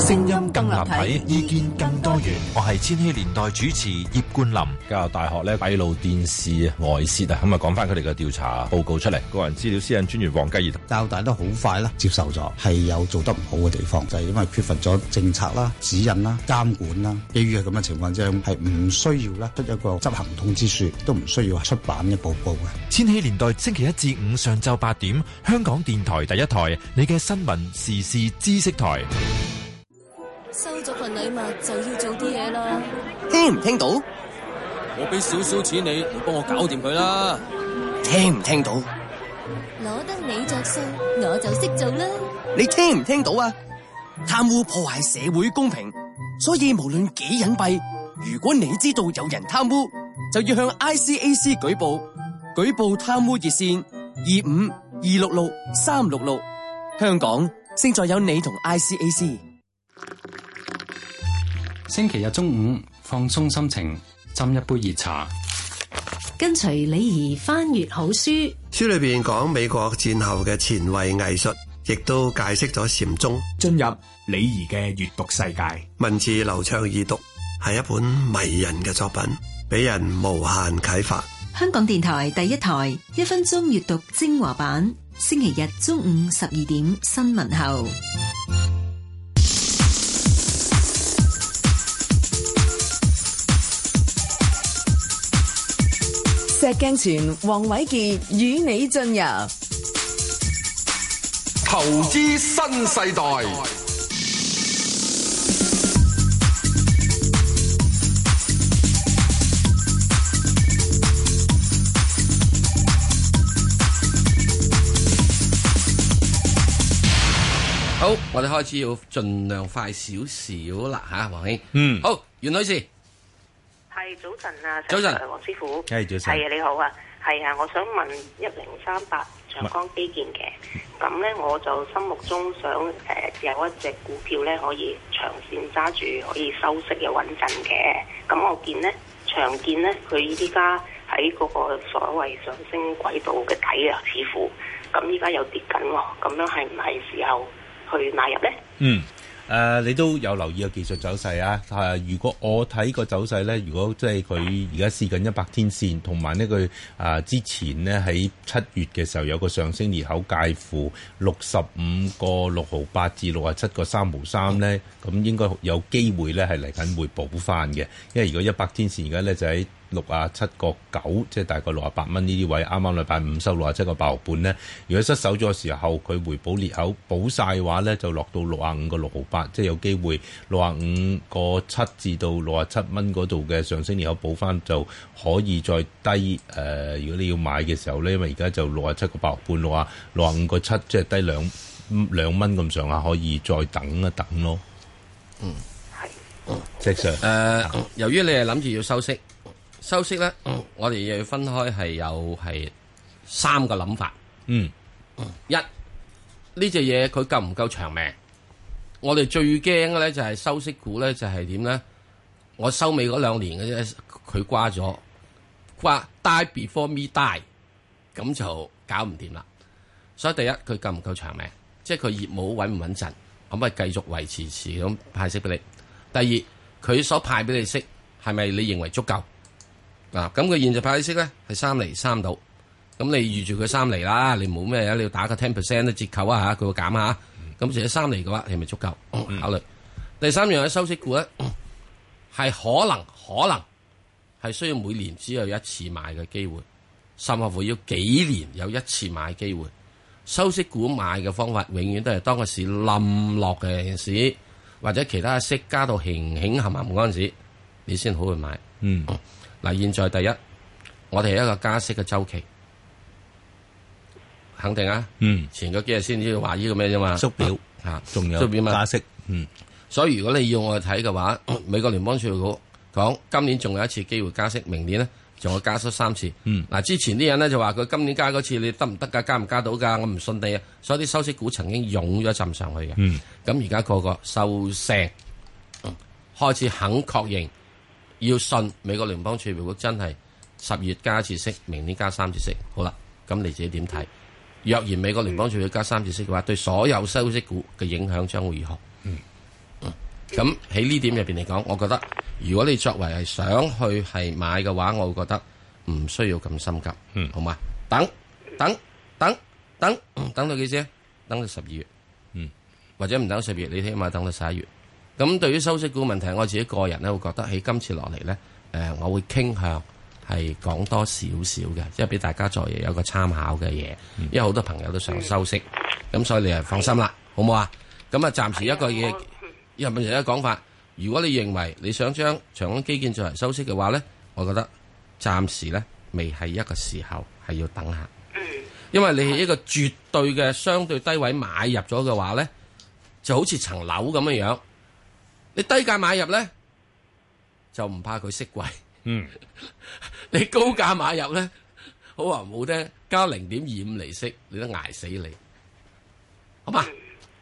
聲音更立體，意見更多元。我係千禧年代主持葉冠林。 教育大學咧，閉路電視啊，外泄啊，咁啊，講翻佢哋嘅調查報告出嚟。個人資料私隱專員黃繼業，教育大都好快啦，接受咗，係有做得唔好嘅地方，就係、是，因為缺乏咗政策啦、指引啦、監管啦。基於係咁嘅情況之下，係唔需要咧出一個執行通知書，都唔需要出版嘅報告。嘅。千禧年代星期一至五上晝八點，香港電台第一台，你嘅新聞時事知識台。收咗份禮物就要做啲嘢啦，聽唔聽到？我俾少少錢你，你幫我搞掂佢啦，聽唔聽到？攞得你著數，我就識做啦。你聽唔聽到啊？貪污破壞社會公平，所以無論幾隱蔽，如果你知道有人貪污，就要向 ICAC 舉報。舉報貪污熱線：二五二六六三六六。香港，勝在有你同 ICAC。星期日中午放鬆心情，斟一杯熱茶。跟隨李儀翻閱好書，書裏邊講美國戰後嘅前衛藝術，亦都解釋咗禪宗。進入李儀嘅閱讀世界，文字流暢易讀，係一本迷人嘅作品，俾人無限啟發。香港電台第一台一分鐘閱讀精華版，星期日中午十二點新聞後。鏡泉，黃瑋傑與你進入投資新世代。好，我哋開始要盡量快少少啦吓，黃兄。嗯，好，袁女士。係早晨啊，早晨，黃師傅，係早晨，係啊，你好啊，係啊，我想問一零三八長江基建嘅，咁咧是我就心目中想誒、呃、有一隻股票咧可以長線揸住，可以收息又穩陣嘅，咁我見咧長建咧佢依家喺嗰個所謂上升軌道嘅底啊，似乎咁依家又跌緊喎，咁樣係唔係時候去買入咧？嗯。誒、呃，你都有留意個技術走勢啊！嚇、啊，如果我睇個走勢咧，如果即係佢而家試緊一百天線，同埋呢佢啊之前咧喺七月嘅時候有個上升裂口介乎六十五個六毫八至六十七個三毫三咧，咁應該有機會咧係嚟緊會補翻嘅，因為如果一百天線而家咧就喺、是。六啊七個九，即係大概六啊八蚊呢啲位，啱啱嚟拜五收六啊七個八毫半咧。如果失手咗嘅時候，佢回補裂口補晒嘅話咧，就落到六啊五個六毫八，即係有機會六啊五個七至到六啊七蚊嗰度嘅上升裂口補翻，就可以再低誒、呃。如果你要買嘅時候咧，因為而家就六啊七個八毫半啦，六啊五個七即係低兩兩蚊咁上下，可以再等一等咯。嗯，係、嗯。謝 s i 由於你係諗住要收息。收息咧，呢 oh. 我哋又要分開，係有係三個諗法。嗯、mm.，一呢隻嘢佢夠唔夠長命？我哋最驚嘅咧就係收息股咧就係點咧？我收尾嗰兩年嘅啫，佢掛咗掛 die before me die，咁就搞唔掂啦。所以第一，佢夠唔夠長命？即係佢業務穩唔穩陣，可唔可以繼續維持持咁派息俾你？第二，佢所派俾你息係咪你認為足夠？嗱，咁佢、啊、現時派的息咧係三厘三度，咁、嗯、你預住佢三厘啦，你冇咩嘢，你要打個 ten percent 的折扣啊嚇，佢會減下。咁成咗三厘嘅話，係咪足夠、嗯、考慮？第三樣嘅收息股咧係、嗯、可能可能係需要每年只有一次買嘅機會，甚或乎要幾年有一次買機會。收息股買嘅方法，永遠都係當個市冧落嘅時，或者其他息加到興興冚冚嗰陣時，你先好去買。嗯。嗯。嗱，現在第一，我哋係一個加息嘅周期，肯定啊，嗯，前嗰幾日先至話呢個咩啫嘛，縮表吓，縮表嘛，加息，嗯，所以如果你要我睇嘅話，美國聯邦儲備局講今年仲有一次機會加息，明年呢，仲要加息三次，嗯，嗱、啊，之前啲人咧就話佢今年加嗰次你得唔得噶，加唔加到噶、啊，我唔信你、啊，所以啲收息股曾經湧咗一陣上去嘅，嗯，咁而家個個收聲，開始肯確認。要信美國聯邦儲備局真係十月加一次息，明年加三次息，好啦，咁你自己點睇？若然美國聯邦儲備加三次息嘅話，對所有收息股嘅影響將會如何？嗯，咁喺呢點入邊嚟講，我覺得如果你作為係想去係買嘅話，我會覺得唔需要咁心急，嗯，好嘛？等等等等，等到幾時？等到十二月，嗯，或者唔等十二月，你起碼等到十一月。咁對於收息股嘅問，問題，我自己個人呢會覺得喺今次落嚟呢，誒、呃，我會傾向係講多少少嘅，即係俾大家作為有個參考嘅嘢，因為好多朋友都想收息，咁、嗯、所以你係放心啦，好唔好啊？咁啊，暫時一個嘢，任何、嗯、一個講法，如果你認為你想將長江基建作為收息嘅話呢，我覺得暫時呢，未係一個時候，係要等下，因為你係一個絕對嘅相對低位買入咗嘅話呢，就好似層樓咁嘅樣。你低價買入咧，就唔怕佢息貴。嗯，你高價買入咧，好話唔好聽，加零點二五厘息，你都挨死你。好嘛？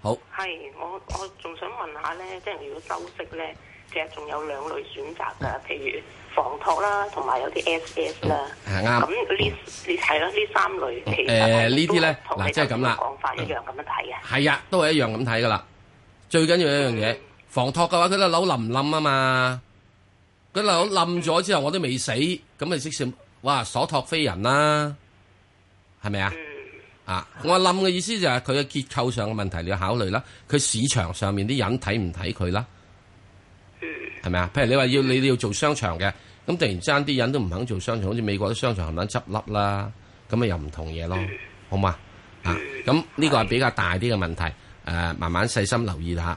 好。係。我我仲想問下咧，即係如果收息咧，其實仲有兩類選擇噶，譬如房託啦，同埋有啲 SS 啦。係啱。咁呢呢係咯，呢三類，其實都同你啲講法一樣咁樣睇啊。係啊，都係一樣咁睇噶啦。最緊要有一樣嘢。房託嘅話，佢啲樓冧唔冧啊嘛，佢樓冧咗之後，我都未死，咁咪即係哇，所託非人啦，係咪啊？嗯、啊，我冧嘅意思就係佢嘅結構上嘅問題，你要考慮啦。佢市場上面啲人睇唔睇佢啦？係咪啊？譬如你話要你要做商場嘅，咁突然之間啲人都唔肯做商場，好似美國啲商場咸卵執笠啦，咁咪又唔同嘢咯，好嘛？啊，咁呢個係比較大啲嘅問題，誒、呃，慢慢細心留意下。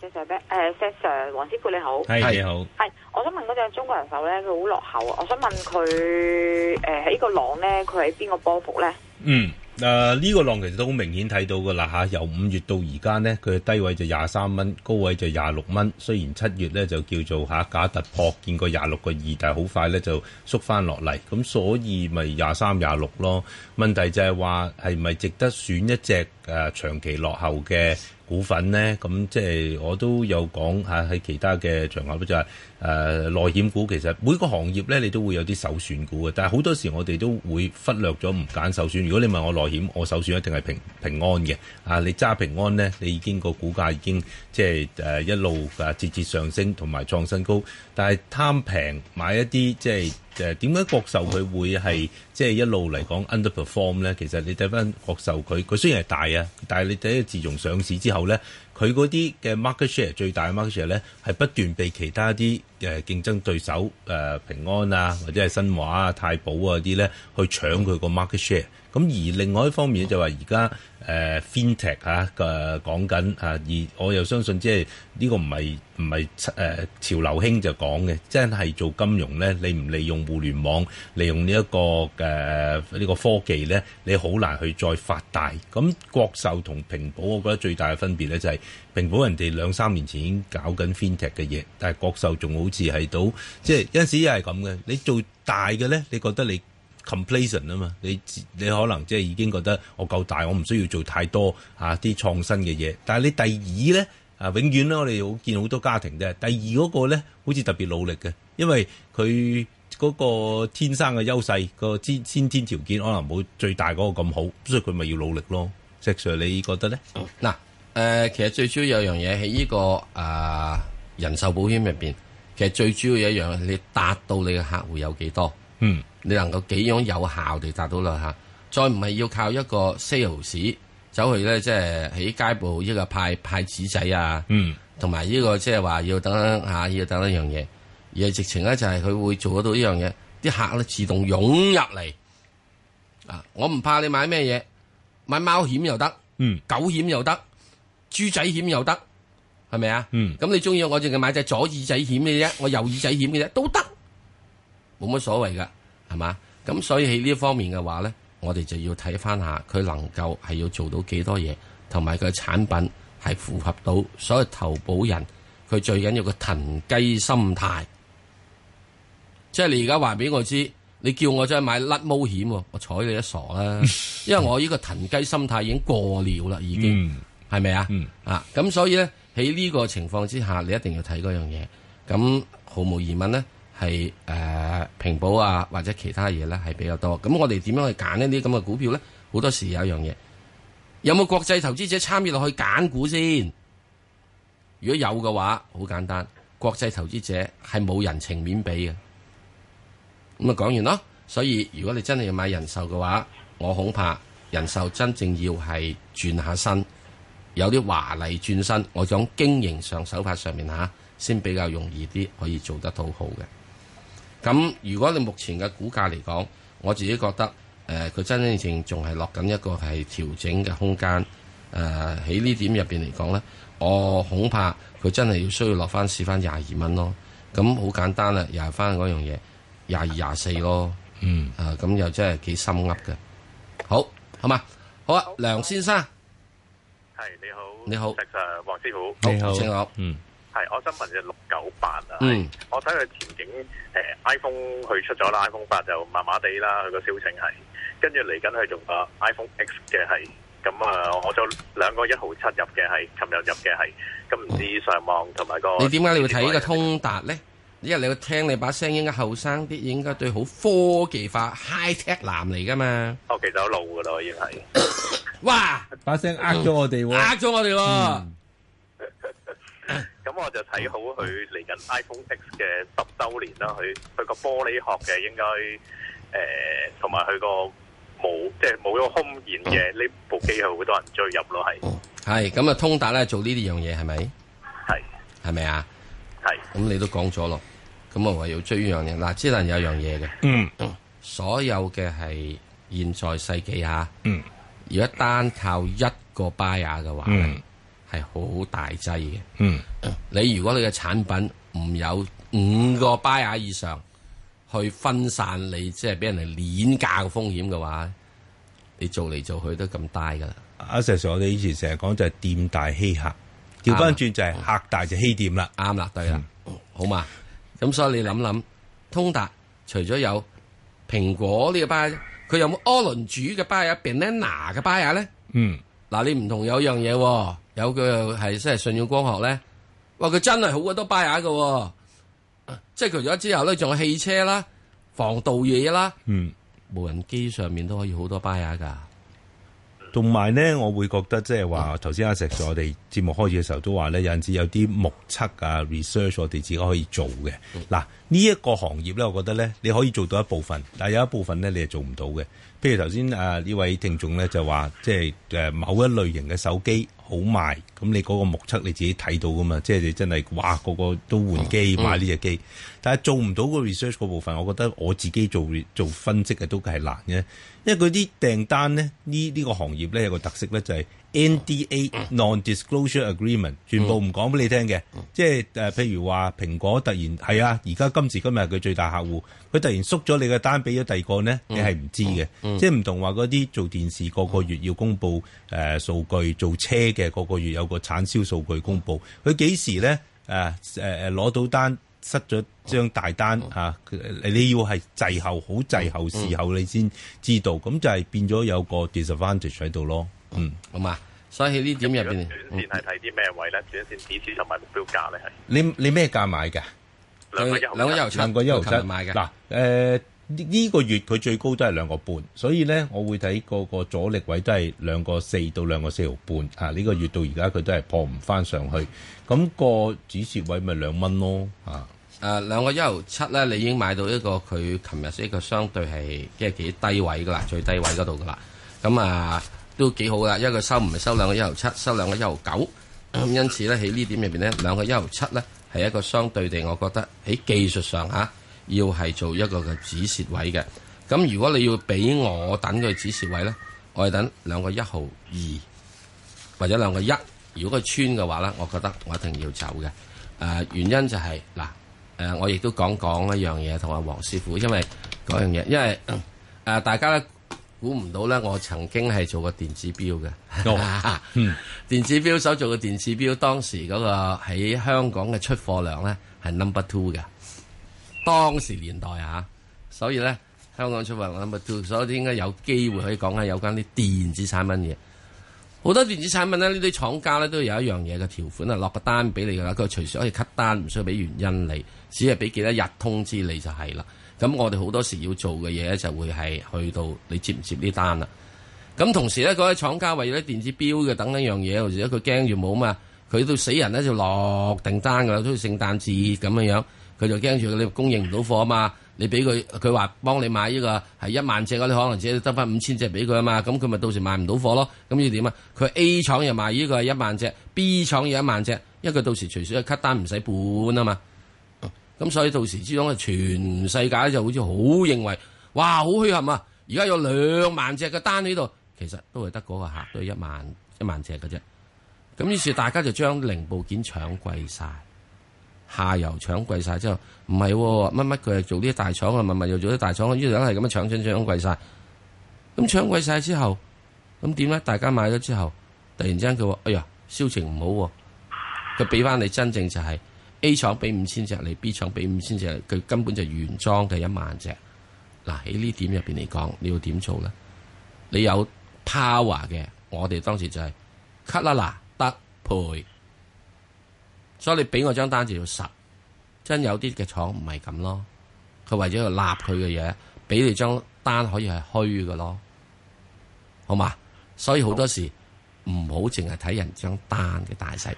石 Sir，誒石 Sir 黃師傅你好，係你好，係，我想問嗰隻中國人壽咧，佢好落後啊，我想問佢，誒，喺呢個浪咧，佢喺邊個波幅咧？嗯，誒、呃，呢、這個浪其實都好明顯睇到噶啦吓、啊，由五月到而家咧，佢嘅低位就廿三蚊，高位就廿六蚊。雖然七月咧就叫做吓假突破，見過廿六個二，但係好快咧就縮翻落嚟，咁所以咪廿三廿六咯。問題就係話係咪值得選一隻誒、呃、長期落後嘅？股份呢，咁即係我都有講嚇喺其他嘅場合咧，就係誒內險股其實每個行業呢，你都會有啲首選股嘅，但係好多時我哋都會忽略咗唔揀首選。如果你問我內險，我首選一定係平平安嘅。啊，你揸平安呢，你已經個股價已經即係誒一路啊節節上升同埋創新高，但係貪平買一啲即係。就係點解國壽佢會係即係一路嚟講 underperform 咧？其實你睇翻國壽佢，佢雖然係大啊，但係你睇下，自從上市之後咧，佢嗰啲嘅 market share 最大嘅 market share 咧，係不斷被其他啲誒競爭對手誒、呃、平安啊，或者係新華啊、太保啊啲咧去搶佢個 market share。咁而另外一方面就話而家誒、uh, FinTech 嚇、啊、誒講、啊、緊啊，啊，而我又相信即係呢個唔係唔係誒潮流興就講嘅，即係做金融咧，你唔利用互聯網，利用呢、這、一個誒呢、uh, 個科技咧，你好難去再發大。咁、啊、國壽同平保，我覺得最大嘅分別咧就係、是、平保人哋兩三年前已經搞緊 FinTech 嘅嘢，但係國壽仲好似係到即係有陣時又係咁嘅。你做大嘅咧，你覺得你？completion 啊嘛，ment, 你你可能即係已經覺得我夠大，我唔需要做太多啊啲創新嘅嘢。但係你第二咧啊，永遠咧，我哋見好多家庭啫。第二嗰個咧好似特別努力嘅，因為佢嗰個天生嘅優勢、個先先天條件可能冇最大嗰個咁好，所以佢咪要努力咯。石 Sir，你覺得咧？嗱、嗯，誒、這個呃，其實最主要有樣嘢喺呢個啊人壽保險入邊，其實最主要一樣，你達到你嘅客戶有幾多？嗯。你能夠幾樣有效地達到啦嚇，再唔係要靠一個 sales 走去咧，即係喺街部呢個派派紙仔啊，嗯，同埋呢個即係話要等嚇，要等一樣嘢，而係直情咧就係佢會做得到呢樣嘢，啲客咧自動湧入嚟啊！我唔怕你買咩嘢，買貓險又得，嗯，狗險又得，豬仔險又得，係咪啊？嗯，咁你中意我淨係買隻左耳仔險嘅啫，我右耳仔險嘅啫都得，冇乜所謂噶。係嘛？咁所以喺呢一方面嘅話呢，我哋就要睇翻下佢能夠係要做到幾多嘢，同埋佢嘅產品係符合到所有投保人佢最緊要嘅騰雞心態。即係你而家話俾我知，你叫我真係買甩毛險，我睬你都傻啦！ 因為我呢個騰雞心態已經過了啦，已經係咪啊？啊！咁所以呢，喺呢個情況之下，你一定要睇嗰樣嘢。咁毫無疑問呢。係誒、呃、平保啊，或者其他嘢咧，係比較多。咁我哋點樣去揀呢啲咁嘅股票呢？好多時有一樣嘢，有冇國際投資者參與落去揀股先？如果有嘅話，好簡單，國際投資者係冇人情面俾嘅。咁啊，講完咯。所以如果你真係要買人壽嘅話，我恐怕人壽真正要係轉下身，有啲華麗轉身，我想經營上手法上面吓先、啊、比較容易啲，可以做得到好嘅。咁如果你目前嘅股價嚟講，我自己覺得，誒佢真真正正仲係落緊一個係調整嘅空間。誒喺呢點入邊嚟講咧，我恐怕佢真係要需要落翻試翻廿二蚊咯。咁好簡單啦，又係翻嗰樣嘢，廿二廿四咯。嗯，啊咁又真係幾深噏嘅。好、嗯，好、嗯、嘛，好、嗯、啊、嗯嗯，梁先生，係你好，你好，誒黃師傅，你好，你好，好嗯。係，我想問你六九八啊，我睇佢前景。誒，iPhone 佢出咗啦，iPhone 八就麻麻地啦，佢個銷情係。跟住嚟緊佢仲誒 iPhone X 嘅係，咁啊，我就兩個一毫七入嘅係，尋日入嘅係，咁唔知上網同埋個你點解你要睇呢個通達咧？因為你要聽你把聲應該後生啲，應該對好科技化 high tech 男嚟噶嘛。我其實老噶啦，已經係。哇！把聲呃咗我哋喎，呃咗我哋喎。咁我就睇好佢嚟緊 iPhone X 嘅十周年啦，佢佢個玻璃殼嘅應該誒，同埋佢個冇即係冇咗空懸嘅呢部機係好多人追入咯，係，係咁啊，通達咧做呢啲樣嘢係咪？係，係咪啊？係，咁你都講咗咯。咁我話要追呢樣嘢。嗱，只能有一樣嘢嘅，嗯，所有嘅係現在世紀吓，嗯，如果單靠一個 buyer 嘅話咧。係好大劑嘅，嗯，你如果你嘅產品唔有五個 buyer 以上，去分散你，即係俾人嚟碾價嘅風險嘅話，你做嚟做去都咁低噶啦。阿 Sir，、啊、我哋以前成日講就係店大欺客，調翻轉就係客大就欺店啦。啱啦、嗯，嗯嗯、對啦，好嘛？咁所以你諗諗，通達除咗有蘋果呢個 buyer，佢有冇 orange 嘅 buyer，有 banana 嘅 buyer 咧？嗯。嗱，你唔同有一樣嘢，哦，有佢係真係應用光學咧。哇，佢真係好多 Buyer 嘅，即係除咗之後咧，仲有汽車啦、防盜嘢啦，嗯，無人機上面都可以好多 Buyer 噶。同埋咧，我會覺得即係話，頭先阿石在我哋節目開始嘅時候都話咧，有陣時有啲目測啊、research，、嗯、我哋自己可以做嘅。嗱，嗯，呢一個行業咧，我覺得咧，你可以做到一部分，但係有一部分咧，你係做唔到嘅。譬如頭先誒呢位聽眾咧就話，即係誒某一類型嘅手機好賣，咁你嗰個目測你自己睇到㗎嘛？即係你真係哇個個都換機、嗯、買呢隻機，嗯、但係做唔到個 research 嗰部分，我覺得我自己做做分析嘅都係難嘅，因為嗰啲訂單咧呢呢、呢個行業咧有個特色咧就係、是。NDA non-disclosure agreement，全部唔講俾你聽嘅，即係誒、呃、譬如話蘋果突然係啊，而家今時今日佢最大客戶，佢突然縮咗你個單，俾咗第二個咧，你係唔知嘅，嗯嗯、即係唔同話嗰啲做電視個個月要公布誒、呃、數據，做車嘅個個月有個產銷數據公布，佢幾時咧誒誒誒攞到單，失咗張大單啊！你要係滯後好滯後，滯後事後，你先知道，咁、嗯嗯、就係變咗有個 disadvantage 喺度咯。嗯，好嘛。所以呢點入邊，轉線係睇啲咩位咧？轉線指數同埋目標價咧係。你你咩價買嘅？兩個一毫兩個一毫七個一毫七買嘅。嗱，誒呢個月佢最高都係兩個半，所以咧我會睇個個阻力位都係兩個四到兩個四毫半。啊，呢、呢個月到而家佢都係破唔翻上去，咁、嗰個止蝕位咪兩蚊咯。啊，誒、啊、兩個一毫七咧，你已經買到一個佢琴日一個相對係即係幾低位噶啦，最低位嗰度噶啦。咁啊。都幾好啦，因為收唔係收兩個一毫七，收兩個一毫九，因此咧喺呢點入邊咧，兩個一毫七呢係一個相對地，我覺得喺技術上吓、啊、要係做一個嘅止蝕位嘅。咁如果你要俾我等佢止蝕位呢，我係等兩個一毫二或者兩個一。如果佢穿嘅話呢，我覺得我一定要走嘅。誒、呃、原因就係嗱誒，我亦都講講一樣嘢同阿黃師傅，因為嗰樣嘢，因為誒、呃、大家估唔到咧，我曾經係做過電子表嘅。嗯，電子表手做嘅電子表，當時嗰個喺香港嘅出貨量呢係 number two 嘅。當時年代嚇、啊，所以呢，香港出貨 number two，所以應該有機會可以講下有關啲電子產品嘅嘢。好多電子產品呢，呢啲廠家呢都有一樣嘢嘅條款啊，落個單俾你嘅話，佢隨時可以 cut 單，唔需要俾原因你，只係俾幾多日通知你就係啦。咁我哋好多時要做嘅嘢咧，就會係去到你接唔接呢單啦。咁同時咧，嗰啲廠家為咗電子表嘅等等樣嘢，同時佢驚住冇嘛，佢到死人咧就落訂單噶啦，都係聖誕節咁樣樣，佢就驚住你供應唔到貨啊嘛。你俾佢，佢話幫你買呢個係一萬隻，我可能只得翻五千隻俾佢啊嘛。咁佢咪到時賣唔到貨咯？咁要點啊？佢 A 廠又買呢個係一萬隻，B 廠又一萬隻，因為佢到時隨時一 cut 單唔使本啊嘛。咁所以到時之種啊，全世界就好似好認為，哇，好墟冚啊！而家有兩萬隻嘅單喺度，其實都係得嗰個客都一萬一萬隻嘅啫。咁於是大家就將零部件搶貴晒，下游搶貴晒之後，唔係乜乜佢係做啲大廠啊，乜乜又做啲大廠，依度都係咁樣搶搶搶,搶,貴搶貴晒。咁搶貴晒之後，咁點咧？大家買咗之後，突然之間佢話：，哎呀，銷情唔好、啊，佢俾翻你真正就係、是。A 廠俾五千隻你，B 廠俾五千隻，佢根本就原裝嘅、啊、一萬隻。嗱喺呢點入邊嚟講，你要點做咧？你有 power 嘅，我哋當時就係 cut 啦，嗱得賠。所以你俾我張單就要實。真有啲嘅廠唔係咁咯，佢為咗要立佢嘅嘢，俾你張單可以係虛㗎咯，好嘛？所以好多時唔好淨係睇人張單嘅大細。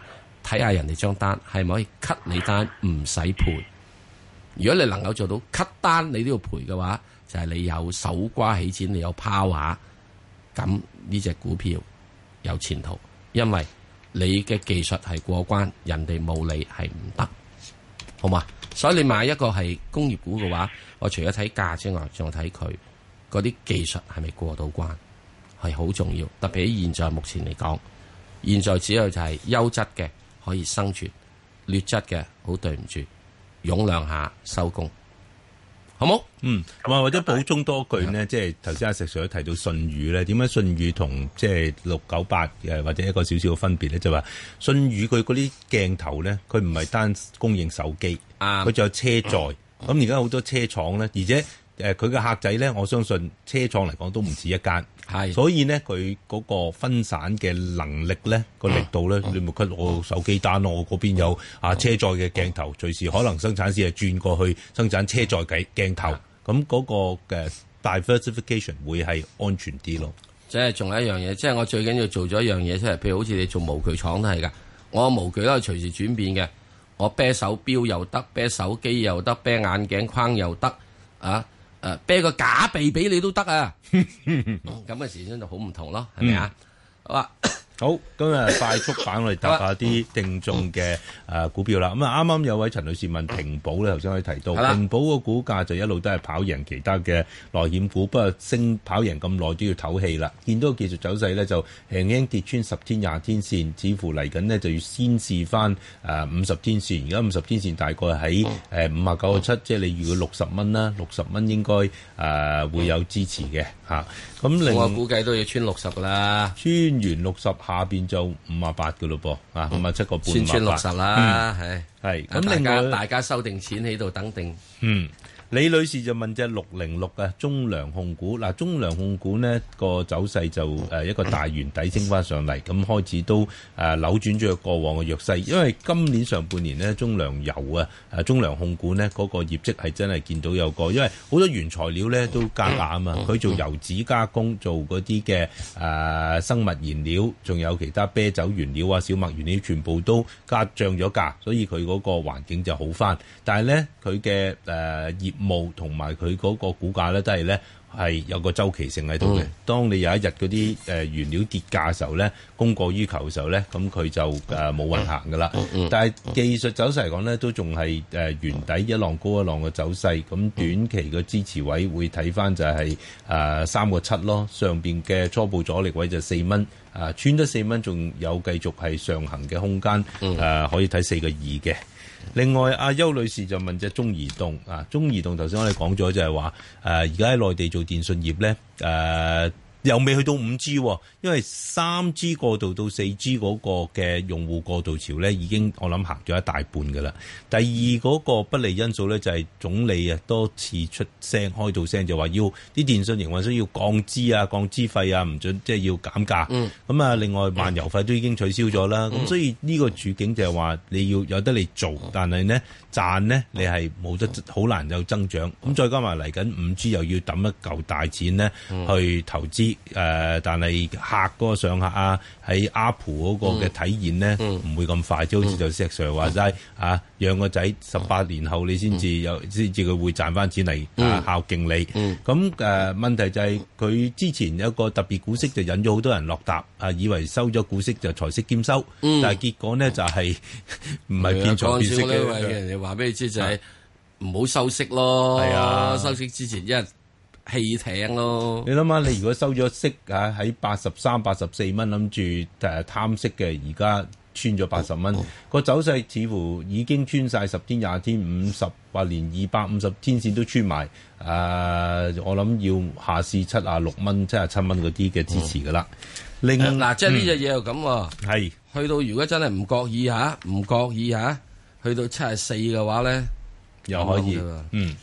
睇下人哋張單係咪可以 cut 你單唔使賠？如果你能夠做到 cut 單，你都要賠嘅話，就係、是、你有手瓜起錢，你有 power 咁呢隻股票有前途，因為你嘅技術係過關，人哋冇你係唔得，好嘛？所以你買一個係工業股嘅話，我除咗睇價之外，仲睇佢嗰啲技術係咪過到關，係好重要。特別喺現在目前嚟講，現在只有就係優質嘅。可以生存，劣質嘅，好對唔住，湧兩下收工，好冇？嗯，同埋或者補充多句呢，嗯、即係頭先阿石 Sir 提到舜宇咧，點解舜宇同即係六九八誒或者一個少少嘅分別咧？就話舜宇佢嗰啲鏡頭咧，佢唔係單供應手機，佢仲有車載。咁而家好多車廠咧，而且誒佢嘅客仔咧，我相信車廠嚟講都唔止一間。係，是所以咧佢嗰個分散嘅能力咧，個力度咧，嗯嗯、你咪 cut 我手機單咯。嗯、我嗰邊有啊車載嘅鏡頭，嗯、隨時可能生產線係轉過去生產車載嘅鏡頭。咁嗰、嗯、個嘅 diversification、嗯、會係安全啲咯。即係仲有一樣嘢，即、就、係、是、我最緊要做咗一樣嘢出嚟，譬如好似你做模具廠都係噶，我模具都係隨時轉變嘅。我啤手錶又得，啤手機又得，啤眼鏡框又得，啊！誒，啤、呃、個假幣俾你都得啊！咁嘅 時間就好唔同咯，係咪啊？嗯、好啊。 好，今日快速版我哋答下啲定中嘅誒股票啦。咁啊，啱啱有位陳女士問平保咧，頭先可以提到平保個股價就一路都係跑贏其他嘅內險股，不過升跑贏咁耐都要唞氣啦。見到個技術走勢咧，就輕輕跌穿十天、廿天線，似乎嚟緊呢就要先試翻誒五十天線。而家五十天線大概喺誒五啊九啊七，即係你預佢六十蚊啦，六十蚊應該誒、呃、會有支持嘅嚇。咁另外估計都要穿六十㗎啦，穿完六十。下邊就、嗯、五啊八嘅咯噃，啊五啊七個半萬八，先穿六十啦，係係咁，是是大家另外大家收定錢喺度等定，嗯。李女士就問隻六零六嘅中糧控股，嗱中糧控股呢個走勢就誒一個大圓底升翻上嚟，咁開始都誒扭轉咗過往嘅弱勢，因為今年上半年呢，中糧油啊、誒中糧控股呢嗰個業績係真係見到有個，因為好多原材料呢都加價啊嘛，佢做油脂加工、做嗰啲嘅誒生物燃料，仲有其他啤酒原料啊、小麥原料，全部都加漲咗價，所以佢嗰個環境就好翻。但係呢，佢嘅誒業冇同埋佢嗰個股價咧，都係咧係有個周期性喺度嘅。當你有一日嗰啲誒原料跌價嘅時候咧，供過於求嘅時候咧，咁佢就誒冇運行噶啦。但係技術走勢嚟講咧，都仲係誒圓底一浪高一浪嘅走勢。咁短期嘅支持位會睇翻就係誒三個七咯。上邊嘅初步阻力位就係四蚊。誒穿咗四蚊，仲有繼續係上行嘅空間。誒可以睇四個二嘅。另外，阿邱女士就問隻中移動啊，中移動頭先我哋講咗就係話誒，而家喺內地做電訊業咧誒。呃又未去到五 G，因為三 G 過渡到四 G 嗰個嘅用戶過渡潮咧，已經我諗行咗一大半噶啦。第二嗰、那個不利因素咧，就係總理啊多次出聲開到聲，就話、是、要啲電信營運商要降資啊、降資費啊，唔准即係要減價。咁啊、嗯，另外漫遊費都已經取消咗啦。咁、嗯、所以呢個處境就係話你要有得你做，但係呢。賺咧，你係冇得好、嗯、難有增長。咁、嗯、再加埋嚟緊五 G 又要抌一嚿大錢咧，去投資誒、嗯呃。但係客嗰上客啊，喺 Apple 嗰個嘅體驗咧，唔會咁快。即好似石 Sir 話齋啊。養個仔十八年後，你先至有，先至佢會賺翻錢嚟孝敬你。咁誒問題就係佢之前有一個特別股息，就引咗好多人落踏，啊以為收咗股息就財色兼收，但係結果呢，就係唔係變財變色嘅。我人哋話俾你知就係唔好收息咯。係啊，收息之前一棄艇咯。你諗下，你如果收咗息啊，喺八十三八十四蚊，諗住誒貪息嘅，而家。穿咗八十蚊，個、哦哦、走勢似乎已經穿晒十天、廿天、五十或連二百五十天線都穿埋。誒、呃，我諗要下次七啊六蚊、七啊七蚊嗰啲嘅支持噶啦。哦、另嗱，啊嗯、即係呢隻嘢又咁喎。係是，去到如果真係唔覺意吓，唔覺意吓，去到七十四嘅話咧，又可以，嗯。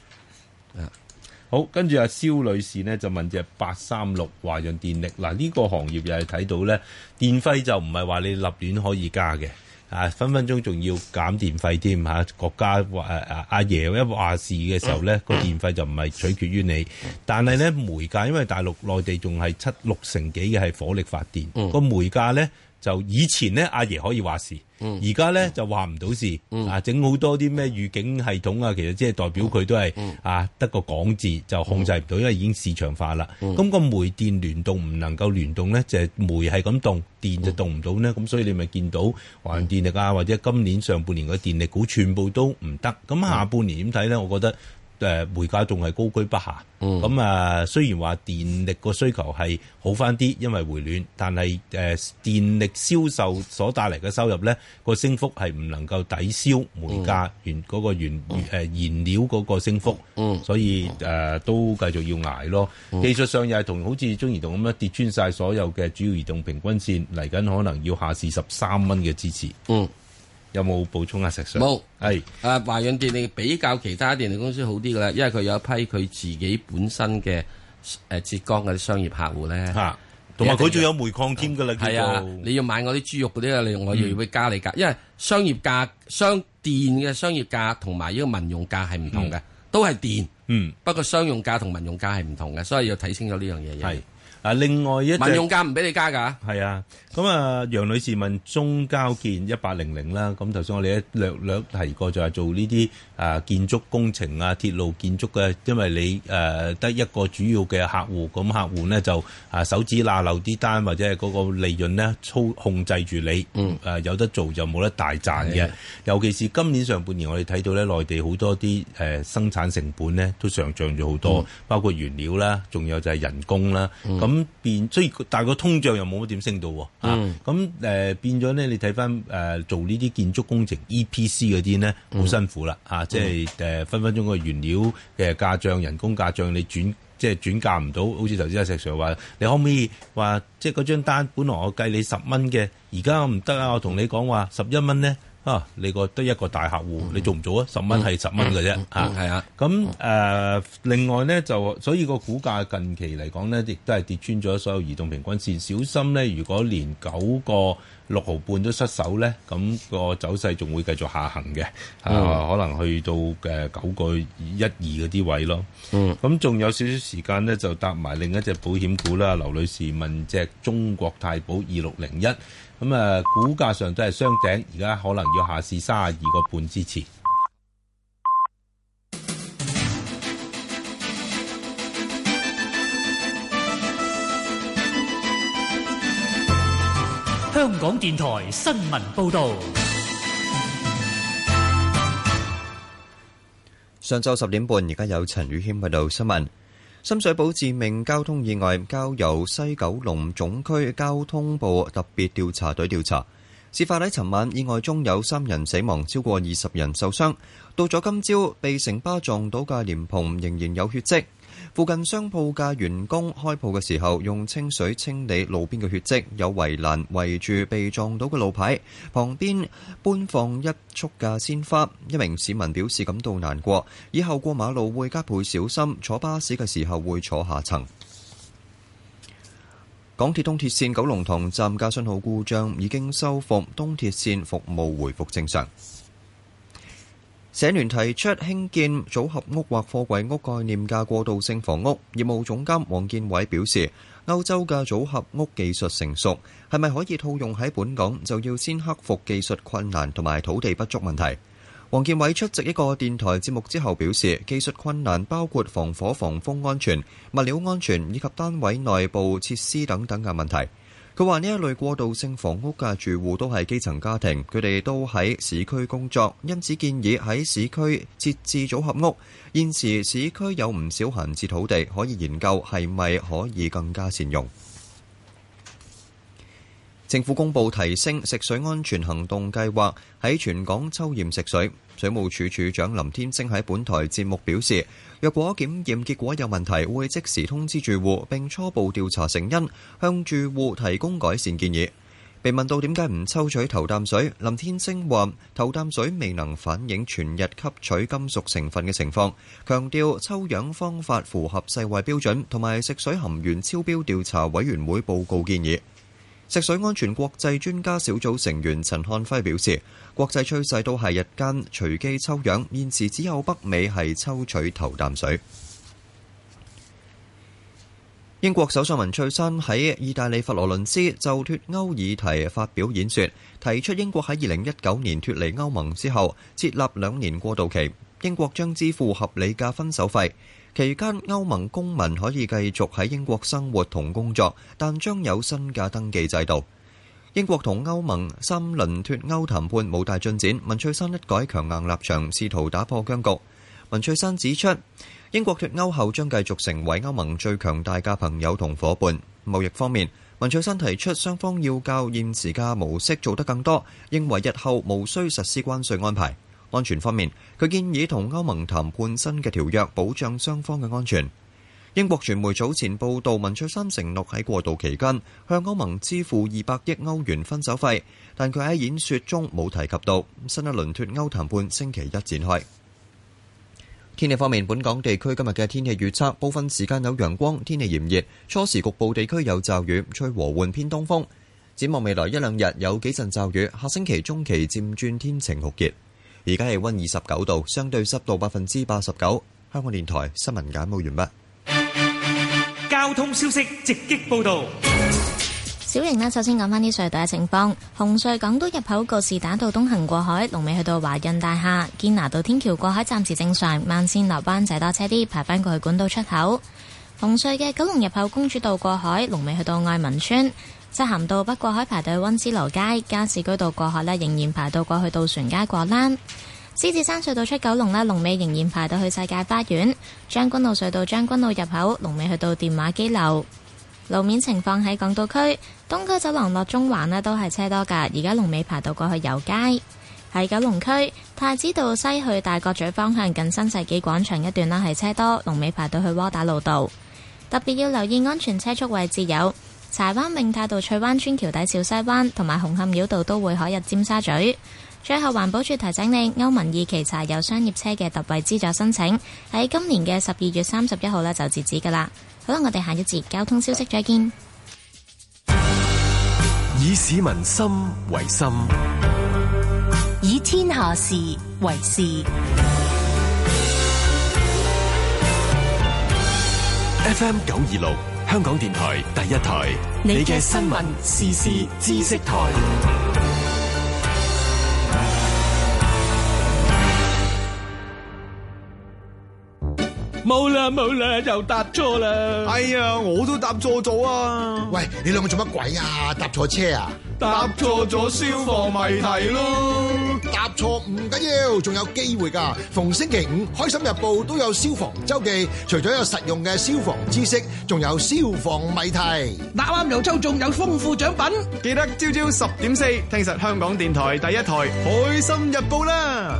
好，跟住阿肖女士呢就問隻八三六華潤電力，嗱呢個行業又係睇到咧，電費就唔係話你立亂可以加嘅，啊分分鐘仲要減電費添嚇。國家誒阿爺一話事嘅時候咧，個電費就唔係取決於你，但係咧煤價因為大陸內地仲係七六成幾嘅係火力發電，個煤價咧。就以前咧，阿爺可以話事，而家咧就話唔到事、嗯、啊！整好多啲咩預警系統啊，其實即係代表佢都係、嗯、啊，得個講字就控制唔到，嗯、因為已經市場化啦。咁、嗯、個煤電聯動唔能夠聯動咧，就係、是、煤係咁動，電就動唔到咧。咁、嗯、所以你咪見到華潤電力啊，或者今年上半年嘅電力股全部都唔得。咁下半年點睇咧？我覺得。誒煤價仲係高居不下，咁啊、嗯、雖然話電力個需求係好翻啲，因為回暖，但係誒電力銷售所帶嚟嘅收入咧，個升幅係唔能夠抵消煤價原嗰個原誒燃料嗰個升幅，嗯嗯嗯、所以誒、呃、都繼續要捱咯。嗯嗯、技術上又係同好似中移動咁樣跌穿晒所有嘅主要移動平均線，嚟緊可能要下試十三蚊嘅支持。嗯嗯有冇補充啊？石 Sir，冇，係啊，華潤電力比較其他電力公司好啲嘅啦，因為佢有一批佢自己本身嘅誒浙江嗰啲商業客戶咧嚇，同埋佢仲有煤礦添㗎啦，係啊，你要買我啲豬肉嗰啲啊，你用我要會加你價，因為商業價、商電嘅商業價同埋呢個民用價係唔同嘅，都係電嗯，不過商用價同民用價係唔同嘅，所以要睇清楚呢樣嘢嘢。嗱，另外一，民用價唔俾你加㗎。係啊，咁啊，楊女士問中交建 1800, 一八零零啦。咁頭先我哋略略提過，就係、是、做呢啲。誒建築工程啊，鐵路建築嘅，因為你誒得一個主要嘅客戶，咁客戶咧就誒手指罅漏啲單，或者係嗰個利潤咧操控制住你，誒有得做就冇得大賺嘅。尤其是今年上半年，我哋睇到咧，內地好多啲誒生產成本咧都上漲咗好多，包括原料啦，仲有就係人工啦，咁變雖然但係個通脹又冇乜點升到喎，咁誒變咗咧，你睇翻誒做呢啲建築工程 EPC 嗰啲咧，好辛苦啦嚇。即係誒分分鐘個原料嘅價漲，人工價漲，你轉即係轉嫁唔到。好似頭先阿石 Sir 話，你可唔可以話即係嗰張單本來我計你十蚊嘅，而家我唔得啊！我同你講話十一蚊呢。啊！你個得一個大客戶，嗯、你做唔做、嗯嗯嗯、啊？十蚊係十蚊嘅啫，嚇。係啊。咁誒，另外咧就，所以個股價近期嚟講咧，亦都係跌穿咗所有移動平均線。小心咧，如果連九個六毫半都失手咧，咁、咁個走勢仲會繼續下行嘅。嚇、嗯啊，可能去到誒九個一二嗰啲位咯。嗯。咁仲有少少時間咧，就搭埋另一隻保險股啦。劉女士問隻中國太保二六零一。咁啊，股價上都係雙頂，而家可能要下試三十二個半支持。香港電台新聞報道：上晝十點半，而家有陳宇軒喺度新聞。深水埗致命交通意外交由西九龍總區交通部特別調查隊調查。事發喺尋晚，意外中有三人死亡，超過二十人受傷。到咗今朝，被城巴撞倒嘅蓮蓬仍然有血跡。附近商鋪嘅員工開鋪嘅時候，用清水清理路邊嘅血迹，有圍欄圍住被撞到嘅路牌，旁邊搬放一束嘅鮮花。一名市民表示感到難過，以後過馬路會加倍小心，坐巴士嘅時候會坐下層。港鐵東鐵綫九龍塘站嘅信號故障已經修復，東鐵綫服務回復正常。社聯提出興建組合屋或貨櫃屋概念嘅過渡性房屋，業務總監黃建偉表示，歐洲嘅組合屋技術成熟，係咪可以套用喺本港，就要先克服技術困難同埋土地不足問題。黃建偉出席一個電台節目之後表示，技術困難包括防火、防風、安全、物料安全，以及單位內部設施等等嘅問題。佢話：呢一類過渡性房屋嘅住戶都係基層家庭，佢哋都喺市區工作，因此建議喺市區設置組合屋。現時市區有唔少閒置土地，可以研究係咪可以更加善用。政府公布提升食水安全行動計劃喺全港抽驗食水水務署署長林天星喺本台節目表示若果檢驗結果有問題會即時通知住戶並初步調查成因向住戶提供改善建議被問到點解唔抽取頭啖水林天星話頭啖水未能反映全日吸取金屬成分嘅情況強調抽樣方法符合世衛標準同埋食水含鉛超標調查委員會報告建議食水安全國際專家小組成員陳漢輝表示，國際趨勢都係日間隨機抽樣，現時只有北美係抽取頭啖水。英國首相文翠珊喺意大利佛羅倫斯就脱歐議題發表演說，提出英國喺二零一九年脱離歐盟之後設立兩年過渡期，英國將支付合理嘅分手費。期間，歐盟公民可以繼續喺英國生活同工作，但將有新嘅登記制度。英國同歐盟三輪脱歐談判冇大進展，文翠珊一改強硬立場，試圖打破僵局。文翠珊指出，英國脱歐後將繼續成為歐盟最強大嘅朋友同伙伴。貿易方面，文翠珊提出雙方要較現時嘅模式做得更多，認為日後無需實施關稅安排。安全方面，佢建議同歐盟談判新嘅條約，保障雙方嘅安全。英國傳媒早前報道，文翠珊承諾喺過渡期間向歐盟支付二百億歐元分手費，但佢喺演說中冇提及到。新一輪脱歐談判星期一展開。天氣方面，本港地區今日嘅天氣預測，部分時間有陽光，天氣炎熱，初時局部地區有驟雨，吹和緩偏偏東風。展望未來一兩日有幾陣驟雨，下星期中期漸轉天晴酷熱。而家氣溫二十九度，相對濕度百分之八十九。香港電台新聞簡報完畢。交通消息直擊報道。小瑩呢，首先講翻啲隧道嘅情況。紅隧港島入口告士打道東行過海，龍尾去到華潤大廈堅拿道天橋過海，暫時正常。慢線流班仔多車啲，排班過去管道出口。紅隧嘅九龍入口公主道過海，龍尾去到愛民村。出行道北過到北角海排隊，溫思勞街、加士居道過海咧，仍然排到過去渡船街過欄。獅子山隧道出九龍咧，龍尾仍然排到去世界花園。將軍澳隧道將軍澳入口龍尾去到電話機樓。路面情況喺港島區東區走廊落中環咧，都係車多噶而家龍尾排到過去油街。喺九龍區太子道西去大角咀方向，近新世紀廣場一段啦，係車多，龍尾排到去窩打老道。特別要留意安全車速位置有。柴灣永泰道、翠灣村、橋底、小西灣同埋紅磡繞道都會海入尖沙咀。最後，環保署提醒你，歐盟二期柴油商業車嘅特惠資助申請喺今年嘅十二月三十一號呢就截止噶啦。好啦，我哋下一節交通消息再見。以市民心為心，以天下事為事。F M 九二六。香港電台第一台，你嘅新聞時事知識台。冇啦冇啦，又搭錯啦！哎呀，我都搭錯咗啊！喂，你兩個做乜鬼啊？搭錯車啊？搭錯咗消防謎題咯？搭錯唔緊要，仲有機會噶。逢星期五《開心日報》都有消防周記，除咗有實用嘅消防知識，仲有消防謎題。答啱又抽中，有豐富獎品。記得朝朝十點四，聽實香港電台第一台《開心日報》啦！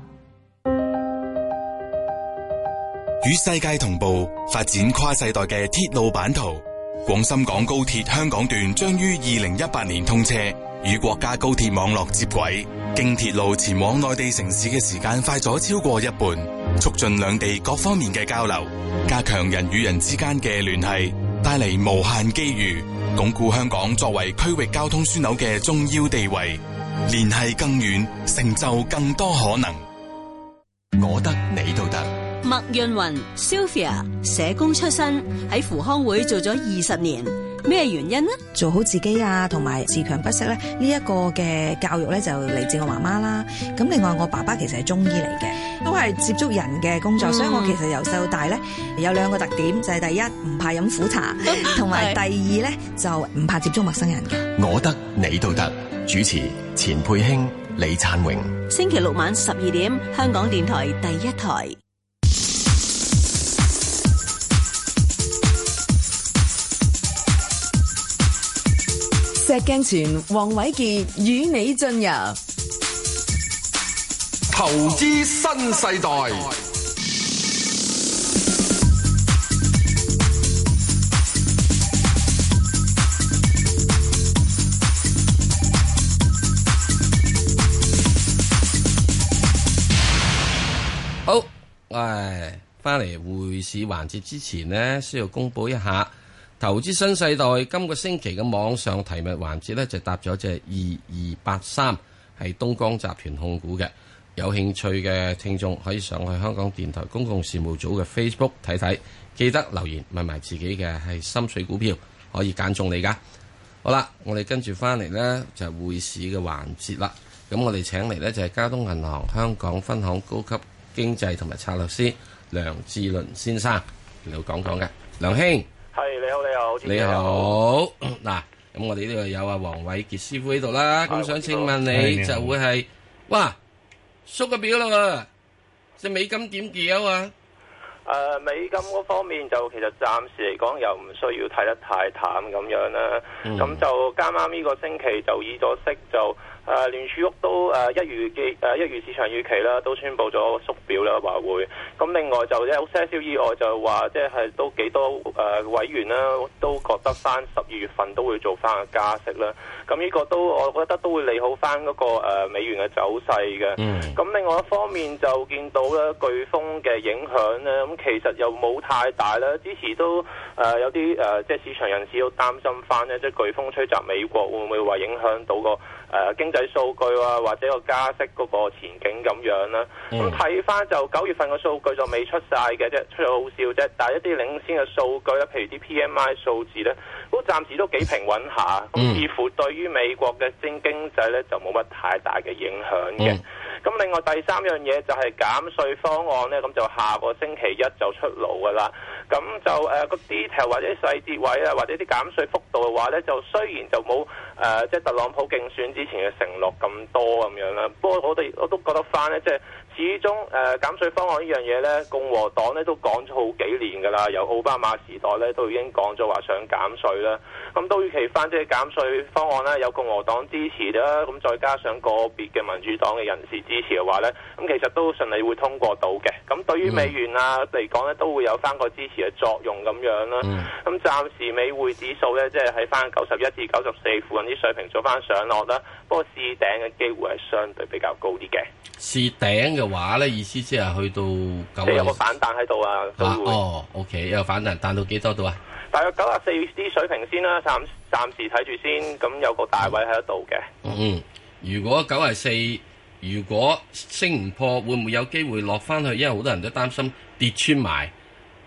與世界同步發展跨世代嘅鐵路版圖，廣深港高鐵香港段將於二零一八年通車，與國家高鐵網絡接軌，經鐵路前往內地城市嘅時間快咗超過一半，促進兩地各方面嘅交流，加強人與人之間嘅聯繫，帶嚟無限機遇，鞏固香港作為區域交通樞紐嘅重要地位，聯繫更遠，成就更多可能。我得你都得。麥潤雲，Sophia 社工出身，喺扶康會做咗二十年，咩原因呢？做好自己啊，同埋自強不息咧。呢、這、一個嘅教育咧就嚟自我媽媽啦。咁另外我爸爸其實係中醫嚟嘅，都係接觸人嘅工作，所以、嗯、我其實由細到大咧有兩個特點，就係、是、第一唔怕飲苦茶，同埋 第二咧 是就唔怕接觸陌生人嘅。我得你都得，主持錢佩卿、李燦榮，星期六晚十二點，香港電台第一台。石鏡泉，黃瑋杰與你進入投資新世代。世代好，喂，翻嚟匯市環節之前咧，需要公布一下。投資新世代今個星期嘅網上提問環節呢，就搭咗隻二二八三，係東江集團控股嘅。有興趣嘅聽眾可以上去香港電台公共事務組嘅 Facebook 睇睇，記得留言問埋自己嘅係深水股票可以揀中你㗎。好啦，我哋跟住翻嚟呢，就係、是、匯市嘅環節啦。咁我哋請嚟呢，就係交通銀行香港分行高級經濟同埋策略師梁志倫先生嚟講講嘅，梁兄。係，你好，你好，你好。嗱，咁 我哋呢度有阿黃瑋傑師傅喺度啦。咁、啊嗯、想請問你，你好就會係哇，縮個表啦，即係美金點叫啊？誒、呃，美金嗰方面就其實暫時嚟講又唔需要睇得太淡咁樣啦。咁、嗯、就啱啱呢個星期就以咗息就。誒聯、呃、儲屋都誒、呃、一如既誒、呃、一如市場預期啦，都宣布咗縮表啦，話會。咁另外就有少少意外，就話即係都幾多誒、呃、委員啦、啊，都覺得翻十二月份都會做翻個加息啦。咁呢個都我覺得都會利好翻、那、嗰個、呃、美元嘅走勢嘅。咁、mm. 另外一方面就見到咧，颶風嘅影響咧，咁其實又冇太大啦。之前都誒、呃、有啲誒、呃、即係市場人士都擔心翻呢，即係颶風吹襲美國會唔會話影響到個？誒、呃、經濟數據啊，或者個加息嗰個前景咁樣啦、啊。咁睇翻就九月份嘅數據就未出晒嘅啫，出咗好少啫。但係一啲領先嘅數據咧，譬如啲 PMI 數字咧，都暫時都幾平穩下。咁、嗯、似乎對於美國嘅整經濟咧，就冇乜太大嘅影響嘅。嗯嗯。咁另外第三樣嘢就係減稅方案咧，咁就下個星期一就出爐噶啦。咁就誒、呃嗰個 detail 或者細節位啊，或者啲減稅幅度嘅話咧，就雖然就冇誒即係特朗普競選之前嘅承諾咁多咁樣啦。不過我哋我都覺得翻咧，即係。始終誒減稅方案呢樣嘢呢，共和黨呢都講咗好幾年㗎啦，由奧巴馬時代呢，都已經講咗話想減稅啦。咁都預期翻即係減稅方案呢，有共和黨支持啦，咁再加上個別嘅民主黨嘅人士支持嘅話呢，咁其實都順利會通過到嘅。咁對於美元啊嚟講呢，都會有翻個支持嘅作用咁樣啦。咁暫時美匯指數呢，即係喺翻九十一至九十四附近啲水平做翻上落啦。不過試頂嘅機會係相對比較高啲嘅。試頂。嘅話咧，意思即係去到九啊四有個反彈喺度啊。哦，O K，有反彈彈到幾多度啊？大約九啊四啲水平先啦，暫暫時睇住先。咁有個大位喺度嘅。嗯嗯，如果九啊四，如果升唔破，會唔會有機會落翻去？因為好多人都擔心跌穿埋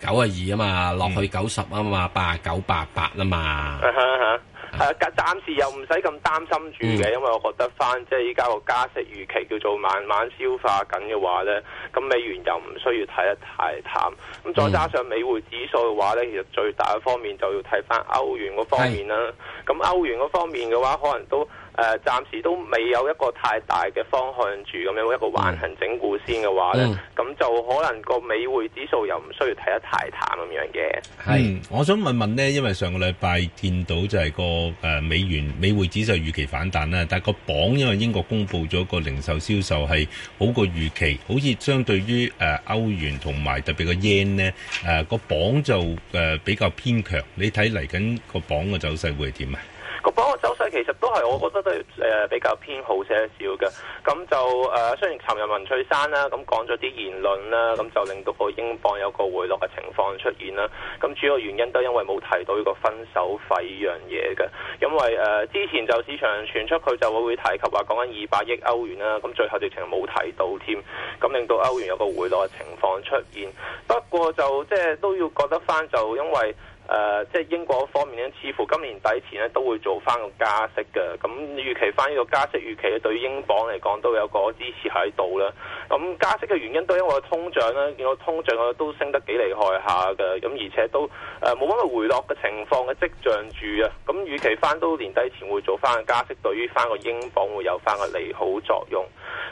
九啊二啊嘛，落去九十啊嘛，八九八八啊嘛。Uh huh huh. 係啊，暫時又唔使咁擔心住嘅，因為我覺得翻即係依家個加息預期叫做慢慢消化緊嘅話咧，咁美元又唔需要睇得太淡。咁再加上美匯指數嘅話咧，其實最大嘅方面就要睇翻的歐元嗰方面啦。咁歐元嗰方面嘅話，可能都。誒暫、呃、時都未有一個太大嘅方向住咁、嗯嗯、樣一個橫行整固先嘅話咧，咁、嗯、就可能個美匯指數又唔需要睇得太淡咁樣嘅。係、嗯，嗯、我想問問呢，因為上個禮拜見到就係個誒、呃、美元美匯指數預期反彈啦，但係個鎊因為英國公布咗個零售銷售係好過預期，好似相對於誒歐元同埋特別個 yen 呢誒、呃、個鎊就誒、呃、比較偏強。你睇嚟緊個鎊嘅走勢會係點啊？個波個走勢其實都係我覺得對誒比較偏好些少嘅，咁就誒、啊、雖然琴日文翠珊啦咁、啊、講咗啲言論啦，咁、啊嗯、就令到個英鎊有個回落嘅情況出現啦。咁、啊、主要原因都因為冇提到呢個分手費呢樣嘢嘅，因為誒、啊、之前就市場傳出佢就會會提及話講緊二百億歐元啦，咁、啊、最後直情冇提到添，咁、啊、令到歐元有個回落嘅情況出現。不過就即係、就是、都要覺得翻就因為。誒、呃，即係英國方面咧，似乎今年底前咧都會做翻個加息嘅。咁預期翻呢個加息預期對於英鎊嚟講都有個支持喺度啦。咁、嗯、加息嘅原因都因為通脹啦，見到通脹都升得幾厲害下嘅。咁、嗯、而且都誒冇乜嘅回落嘅情況嘅跡象住啊。咁預期翻到年底前會做翻個加息，對於翻個英鎊會有翻個利好作用。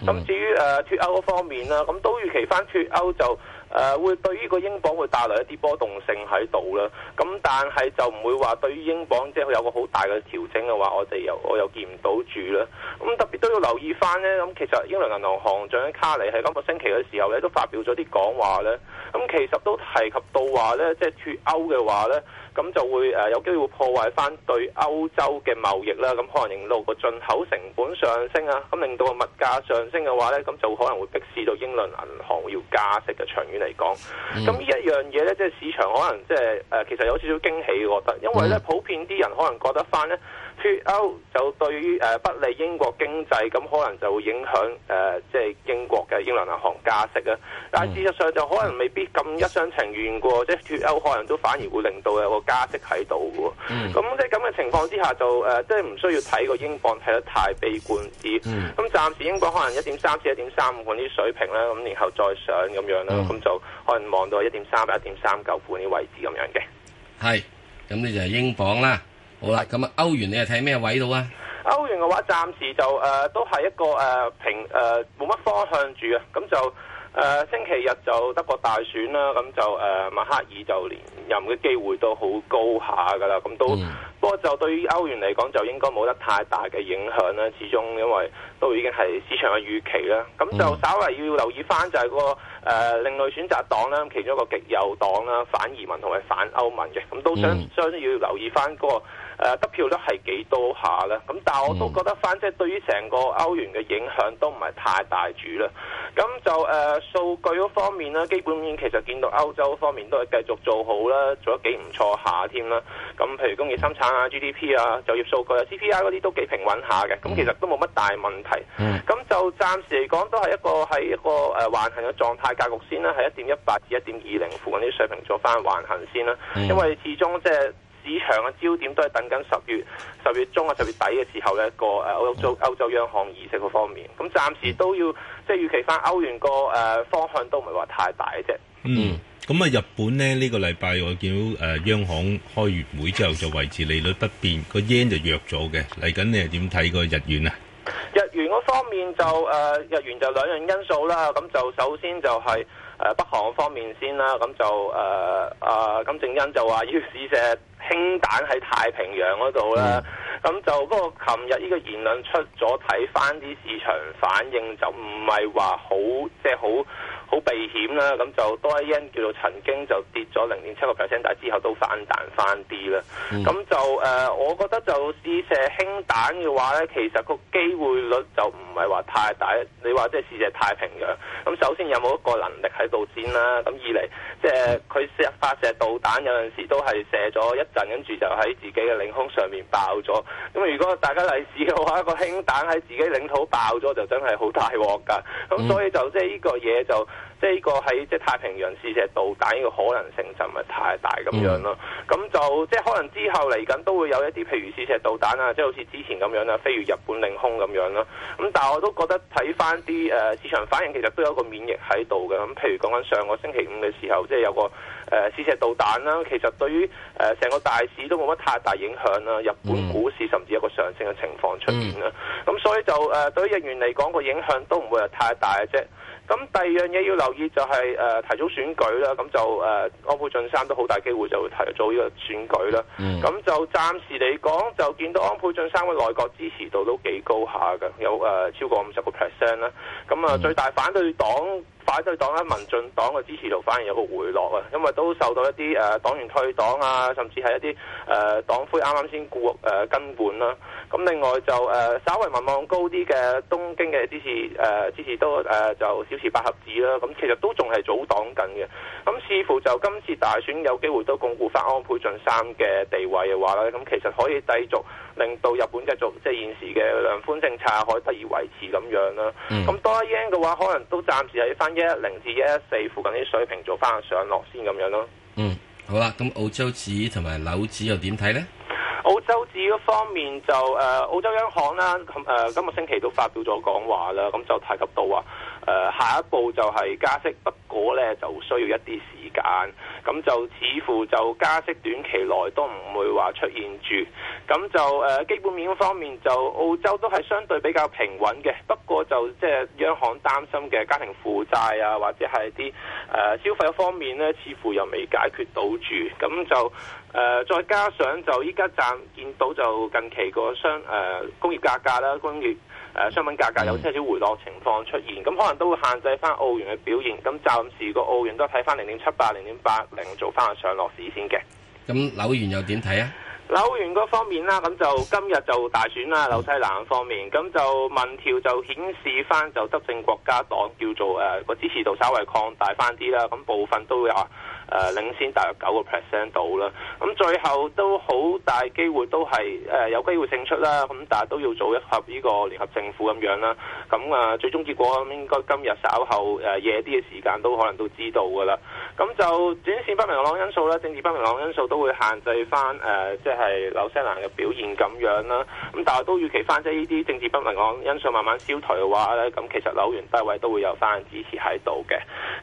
咁、嗯、至於誒脱、呃、歐方面啦，咁都預期翻脱歐就。誒會對於個英鎊會帶來一啲波動性喺度啦，咁但係就唔會話對於英鎊即係佢有個好大嘅調整嘅話，我哋又我又見唔到住啦。咁、嗯、特別都要留意翻呢。咁、嗯、其實英倫銀行行長卡尼喺今個星期嘅時候呢，都發表咗啲講話呢。咁、嗯、其實都提及到呢、就是、話呢，即係脱歐嘅話呢。咁就會誒有機會破壞翻對歐洲嘅貿易啦，咁可能令到個進口成本上升啊，咁令到個物價上升嘅話咧，咁就可能會逼使到英倫銀行要加息嘅、啊、長遠嚟講。咁呢、mm. 一樣嘢咧，即係市場可能即係誒、呃、其實有少少驚喜，我覺得，因為咧、mm. 普遍啲人可能覺得翻咧。脫歐就對於誒不利英國經濟，咁可能就會影響誒即係英國嘅英倫銀行加息啦。但係事實上就可能未必咁一廂情願過，即係脱歐可能都反而會令到有個加息喺度嘅。咁即係咁嘅情況之下，就誒即係唔需要睇個英鎊睇得太悲觀啲。咁暫時英鎊可能一點三至一點三五半啲水平咧，咁然後再上咁樣咧，咁就可能望到一點三一點三九半啲位置咁樣嘅。係，咁你就係英鎊啦。好啦，咁啊，歐元你係睇咩位到啊？歐元嘅話，暫時就誒、呃、都係一個誒、呃、平誒冇乜方向住嘅，咁就誒、呃、星期日就德國大選啦，咁就誒、呃、默克爾就連任嘅機會都好高下噶啦，咁都、嗯、不過就對於歐元嚟講，就應該冇得太大嘅影響啦。始終因為都已經係市場嘅預期啦，咁就稍為要留意翻就係、那個誒、呃、另類選擇黨啦，其中一個極右黨啦、反移民同埋反歐盟嘅，咁都想需、嗯、要留意翻、那、嗰個。誒得票率係幾多下咧？咁但係我都覺得翻，即係對於成個歐元嘅影響都唔係太大主啦。咁就誒數據方面呢，基本面其實見到歐洲方面都係繼續做好啦，做得幾唔錯下添啦。咁譬如工業生產啊、GDP 啊、就業數據啊、CPI 嗰啲都幾平穩下嘅。咁其實都冇乜大問題。咁、嗯、就暫時嚟講都係一個係一個誒橫行嘅狀態格局先啦，係一點一八至一點二零附近啲水平做翻橫行先啦。嗯、因為始終即係。市場嘅焦點都係等緊十月、十月中啊、十月底嘅時候呢個誒歐洲歐洲央行議息個方面，咁、嗯、暫時都要即係預期翻歐元個誒、呃、方向都唔係話太大啫、嗯。嗯，咁啊日本咧呢、呢個禮拜我見到誒、呃、央行開月會之後就維持利率不變，個 yen 就弱咗嘅。嚟緊你係點睇個日元啊？日元嗰方面就誒、呃、日元就兩樣因素啦。咁、嗯、就首先就係誒北韓方面先啦。咁、嗯、就誒啊，咁、呃呃呃、金正恩就話要試射。氫彈喺太平洋嗰度啦，咁 Yeah. 就不過琴日呢個言論出咗，睇翻啲市場反應就唔係話好即係好好避險啦。咁就多一因叫做曾經就跌咗零點七個 percent，但係之後都反彈翻啲啦。咁 Yeah. 就誒、呃，我覺得就試射氫彈嘅話呢，其實個機會率就唔係話太大。你話即係試射太平洋，咁首先有冇一個能力喺度先啦。咁二嚟即係佢射發射導彈有陣時都係射咗一。陣跟住就喺自己嘅領空上面爆咗。咁如果大家嚟試嘅話，個氫彈喺自己領土爆咗就真係好大鑊㗎。咁所以就即係呢個嘢就即係呢個喺即係太平洋試射導彈呢個可能性就唔係太大咁樣咯。咁、嗯、就即係可能之後嚟緊都會有一啲譬如試射導彈啊，即係好似之前咁樣啦，飛越日本領空咁樣啦。咁但係我都覺得睇翻啲誒市場反應其實都有個免疫喺度嘅。咁譬如講緊上個星期五嘅時候，即係有個。誒、呃、試射導彈啦，其實對於誒成、呃、個大市都冇乜太大影響啦。日本股市甚至有個上升嘅情況出現啦。咁、嗯啊、所以就誒、呃、對於日元嚟講個影響都唔會係太大嘅啫。咁第二樣嘢要留意就係、是、誒、呃、提早選舉啦。咁就誒安倍晉三都好大機會就會提早呢個選舉啦。咁、嗯啊、就暫時嚟講就見到安倍晉三嘅內閣支持度都幾高下㗎，有誒、呃、超過五十個 percent 啦。咁啊，啊、嗯、最大反對黨。反對黨喺民進黨嘅支持度反而有個回落啊，因為都受到一啲誒黨員退黨啊，甚至係一啲誒黨魁啱啱先顧誒根本啦。咁、呃、另外就誒、呃、稍微民望高啲嘅東京嘅支持誒、呃、支持都誒、呃、就小池百合子啦。咁、呃、其實都仲係組黨緊嘅。咁、呃、似乎就今次大選有機會都鞏固翻安倍晉三嘅地位嘅話咧，咁、呃、其實可以繼續。令到日本繼續即係現時嘅量寬政策可以得以維持咁樣啦、啊。咁、嗯、多一英嘅話，可能都暫時喺翻一一零至一一四附近啲水平做翻上落先咁樣咯、啊。嗯，好啦，咁澳洲紙同埋紐指又點睇呢？澳洲紙嗰方面就誒、呃、澳洲央行啦、啊，誒、呃、今個星期都發表咗講話啦，咁就提及到話、啊。下一步就係加息，不過呢就需要一啲時間，咁就似乎就加息短期內都唔會話出現住，咁就誒基本面方面就澳洲都係相對比較平穩嘅，不過就即係央行擔心嘅家庭負債啊，或者係啲消費方面呢，似乎又未解決到住，咁就。誒、呃，再加上就依家暫見到就近期個商誒、呃、工業價格,格啦，工業誒、呃、商品價格,格有少少回落情況出現，咁、嗯、可能都會限制翻澳元嘅表現。咁暫時個澳元都睇翻零點七八、零點八零做翻個上落市先嘅。咁紐、嗯、元又點睇啊？紐元嗰方面啦，咁就今日就大選啦，紐西蘭方面，咁就民調就顯示翻就執政國家黨叫做誒個、呃、支持度稍微擴大翻啲啦，咁部分都會有啊。誒領先大約九個 percent 到啦，咁最後都好大機會都係誒、呃、有機會勝出啦，咁、嗯、但係都要做一合呢個聯合政府咁樣啦，咁、嗯、啊最終結果、嗯、應該今日稍後誒夜啲嘅時間都可能都知道㗎啦，咁、嗯、就政治不明朗因素啦，政治不明朗因素都會限制翻誒即係紐西蘭嘅表現咁樣啦，咁、嗯、但係都預期翻即係呢啲政治不明朗因素慢慢消退嘅話咧，咁、嗯、其實紐元低位都會有翻支持喺度嘅，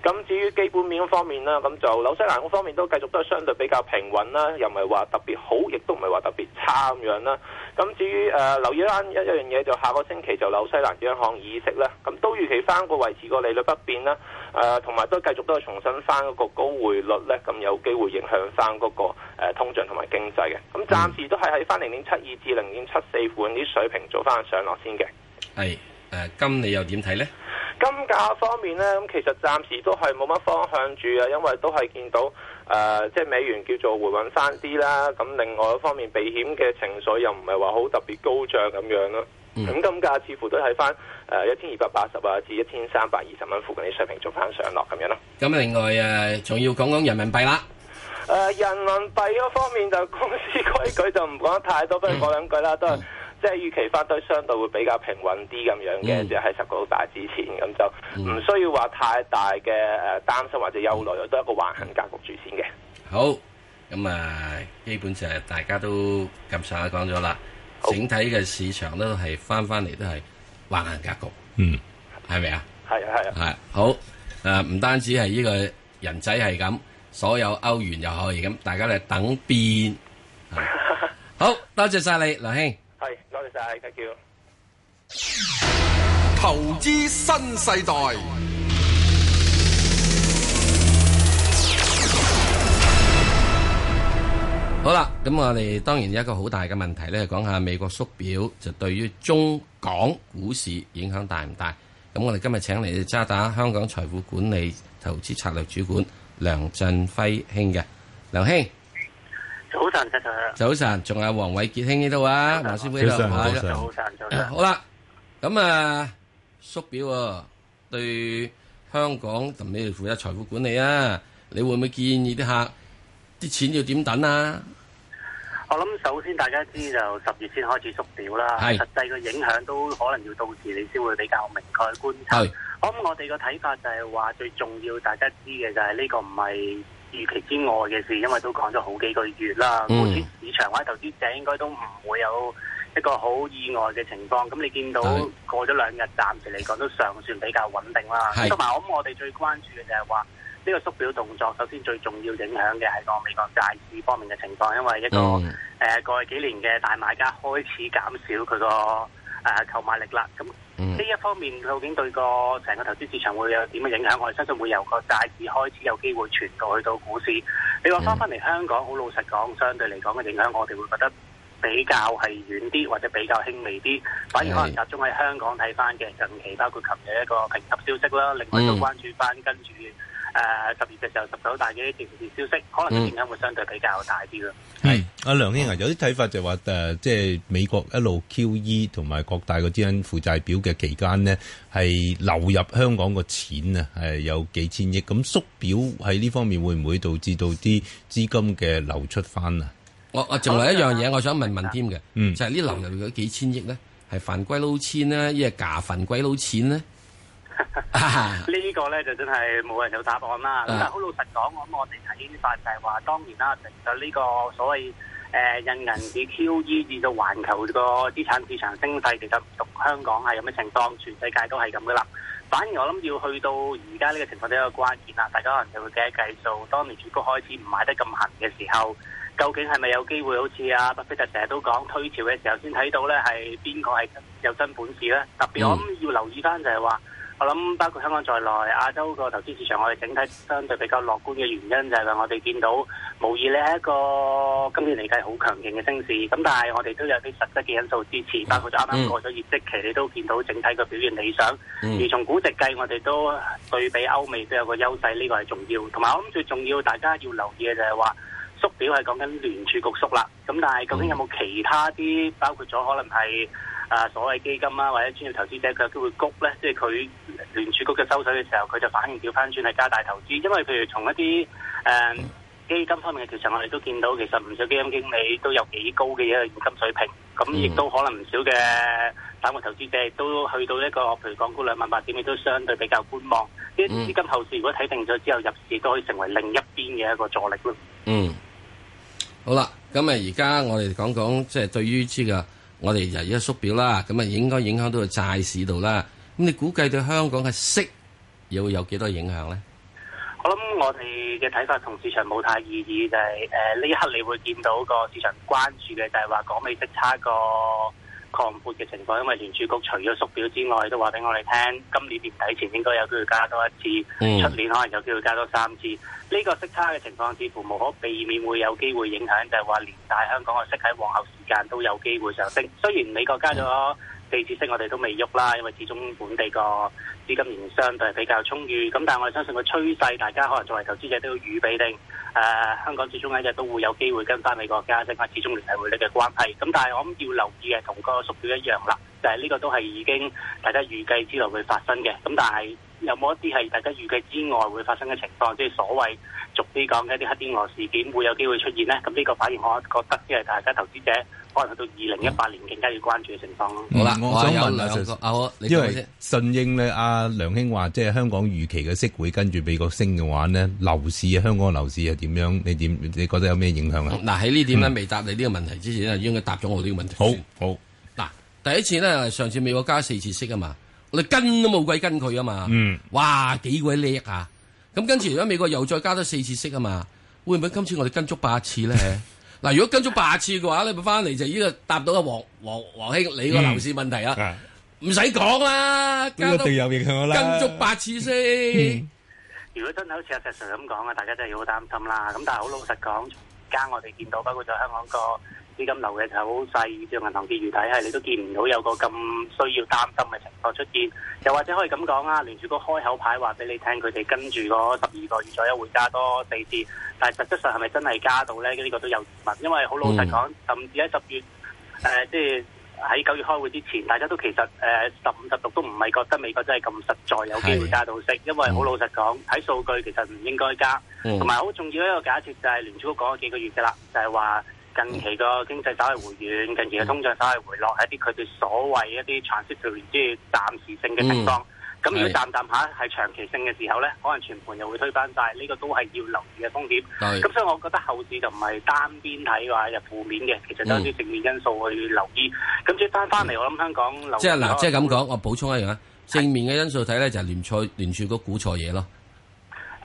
咁、嗯、至於基本面方面啦，咁就西蘭嗰方面都繼續都係相對比較平穩啦，又唔係話特別好，亦都唔係話特別差咁樣啦。咁至於誒、呃、留意翻一一樣嘢，就下個星期就紐西蘭央行議息啦。咁都預期翻個維持個利率不變啦，誒同埋都繼續都係重新翻個高匯率咧，咁有機會影響翻嗰個、呃、通脹同埋經濟嘅。咁暫時都係喺翻零點七二至零點七四款啲水平做翻上落先嘅。係誒、嗯，咁、哎呃、你又點睇呢？金價方面呢，咁其實暫時都係冇乜方向住啊，因為都係見到誒、呃，即係美元叫做回穩翻啲啦。咁另外一方面，避險嘅情緒又唔係話好特別高漲咁樣咯。咁、嗯、金價似乎都喺翻誒一千二百八十啊至一千三百二十蚊附近啲水平做翻上落咁樣咯。咁另外誒，仲、呃、要講講人民幣啦。誒、呃，人民幣嗰方面就公司規矩就唔講得太多，不如講兩句啦，嗯嗯都係。即係預期翻都相對會比較平穩啲咁樣嘅，即係、嗯、十個大之前咁就唔需要話太大嘅誒擔心或者憂慮，都係一個橫行格局住先嘅。好，咁啊，基本上係大家都咁上下講咗啦，好整體嘅市場都係翻翻嚟都係橫行格局。嗯，係咪啊？係啊，係啊。係、啊啊、好誒，唔單止係呢個人仔係咁，所有歐元又可以咁，大家嚟等變。好多 謝晒你，梁兄。.係，多謝晒，thank you。投資新世代。好啦，咁我哋當然有一個好大嘅問題咧，講下美國縮表就對於中港股市影響大唔大？咁我哋今日請嚟渣打香港財富管理投資策略主管梁振輝兄嘅，梁兄。早晨，早晨。輕輕早晨，仲有黃瑋傑兄呢度啊，黃師傅你好早晨，啊、早晨。好啦，咁啊，縮表啊。對香港同你哋負責財富管理啊，你會唔會建議啲客啲錢要點等啊？我諗首先大家知就十月先開始縮表啦，是實際嘅影響都可能要到時你先會比較明確觀察。是我諗咁我哋個睇法就係、是、話最重要，大家知嘅就係呢個唔係。預期之外嘅事，因為都講咗好幾個月啦，咁啲、嗯、市場或者投資者應該都唔會有一個好意外嘅情況。咁你見到過咗兩日，嗯、暫時嚟講都尚算比較穩定啦。同埋咁，我哋最關注嘅就係話呢個縮表動作，首先最重要影響嘅係個美國債市方面嘅情況，因為一個誒、嗯呃、過去幾年嘅大買家開始減少佢個。誒購、啊、買力啦，咁呢、嗯、一方面究竟對個成個投資市場會有點嘅影響？我哋相信會由個債市開始有機會傳到去到股市。你話翻翻嚟香港，好、嗯、老實講，相對嚟講嘅影響，我哋會覺得比較係遠啲，或者比較輕微啲。反而可能集中喺香港睇翻嘅近期，包括琴日一個評級消息啦，另外都關注翻、嗯、跟住。誒、uh，十二月就十九大嗰啲政治消息，可能嘅影響會相對比較大啲咯係阿、嗯嗯啊、梁兄啊，有啲睇法就話誒、呃，即係美國一路 QE 同埋各大個資產負債表嘅期間呢，係流入香港個錢啊，係有幾千億。咁縮表喺呢方面會唔會導致到啲資金嘅流出翻啊？我我仲有一樣嘢我想問問添嘅，嗯，就係呢流入咗幾千億呢，係番鬼佬錢咧，一係假番鬼佬錢呢。呢、啊、個呢，就真係冇人有答案啦。啊、但好老實講，咁我哋睇法就係話，當然啦，其實呢個所謂誒、呃、印銀紙 QE 至到環球個資產市場升勢，其實唔獨香港係咁嘅情況，全世界都係咁噶啦。反而我諗要去到而家呢個情況都係一個關鍵啦。大家可能就會計一計數，當年儲局開始唔買得咁狠嘅時候，究竟係咪有機會好似阿巴菲特成日都講，退潮嘅時候先睇到呢係邊個係有真本事呢？特別我諗要留意翻就係話。我諗包括香港在內，亞洲個投資市場，我哋整體相對比較樂觀嘅原因就係話，我哋見到無疑你係一個今年嚟計好強勁嘅升市。咁但係我哋都有啲實質嘅因素支持，包括咗啱啱過咗業績期，你都見到整體嘅表現理想。而從估值計，我哋都對比歐美都有個優勢，呢個係重要。同埋我諗最重要，大家要留意嘅就係話縮表係講緊聯儲局縮啦。咁但係究竟有冇其他啲，包括咗可能係？啊，所謂基金啦、啊，或者專業投資者，佢有機會谷咧。即係佢聯儲局嘅收水嘅時候，佢就反而掉翻轉係加大投資。因為譬如從一啲誒、呃、基金方面嘅調查，我哋都見到其實唔少基金經理都有幾高嘅一個現金水平。咁亦都可能唔少嘅海外投資者都去到一個，譬如港股兩萬八點，亦都相對比較觀望。啲資金後市如果睇定咗之後入市，都可以成為另一邊嘅一個助力咯、嗯。嗯，好啦，咁啊，而家我哋講講即係對於呢個。我哋又要縮表啦，咁啊應該影響到個債市度啦。咁你估計對香港嘅息又會有幾多影響咧？我諗我哋嘅睇法同市場冇太意義、就是，就係誒呢一刻，你會見到個市場關注嘅就係話港美息差個擴闊嘅情況，因為聯儲局除咗縮表之外，都話俾我哋聽，今年年底前應該有機會加多一次，出年可能有機會加多三次。呢、這個息差嘅情況似乎無可避免會有機會影響，就係、是、話連帶香港嘅息喺往後時間都有機會上升。雖然美國加咗。地質息我哋都未喐啦，因為始終本地個資金面相對比較充裕，咁但係我係相信個趨勢，大家可能作為投資者都要預備定。誒、呃，香港始終一日都會有機會跟翻美國加息，因始終聯繫匯率嘅關係。咁但係我諗要留意嘅，同個縮表一樣啦，就係、是、呢個都係已經大家預計之內會發生嘅。咁但係有冇一啲係大家預計之外會發生嘅情況，即係所謂俗啲講嘅一啲黑天鵝事件會有機會出現呢？咁、這、呢個反而我覺得即係大家投資者。可能去到二零一八年更加要關注嘅情況咯。好啦、嗯，我想問兩個，因為順應咧，阿梁興話，即係香港預期嘅息會跟住美國升嘅話咧，樓市香港樓市又點樣？你點？你覺得有咩影響啊？嗱、嗯，喺呢點咧未答你呢個問題之前，應該答咗我呢個問題先。好，好。嗱，第一次咧，上次美國加四次息啊嘛，我哋跟都冇鬼跟佢啊嘛。嗯。哇，幾鬼叻啊！咁跟住如果美國又再加多四次息啊嘛，會唔會今次我哋跟足八次咧？ 嗱，如果跟足八次嘅話咧，佢翻嚟就依個答到阿黃黃黃兄你個樓市問題啊，唔使講啦，交個隊影響啦，跟足八次先。嗯，如果真係好似阿石 Sir 咁講啊，大家真係要好擔心啦。咁但係好老實講，而家我哋見到包括在香港個。資金流嘅就好細，就銀行結餘體系，你都見唔到有個咁需要擔心嘅情況出現。又或者可以咁講啊，聯儲局開口牌話俾你聽，佢哋跟住嗰十二個月左右會加多四次，但係實質上係咪真係加到咧？呢、呢個都有疑問。因為好老實講，嗯、甚至喺十月，誒、呃，即係喺九月開會之前，大家都其實誒十五、十、呃、六都唔係覺得美國真係咁實在有機會加到息，是 因為好老實講，喺、嗯、數據其實唔應該加。同埋好重要一個假設就係聯儲局講咗幾個月噶啦，就係話。近期個經濟稍為回軟，近期嘅通脹稍為回落，係、嗯、一啲佢哋所謂一啲 transitory，即係暫時性嘅情況。咁、嗯、如果站站下係的長期性嘅時候咧，可能全盤又會推翻晒。呢、這個都係要留意嘅風險。咁對所以我覺得後市就唔係單邊睇嘅話，就負面嘅，其實都有啲正面因素去留意。咁、嗯、即係翻翻嚟，我諗香港留即係嗱，即係咁講，我補充一樣，正面嘅因素睇咧，就係聯儲聯儲局估錯嘢咯。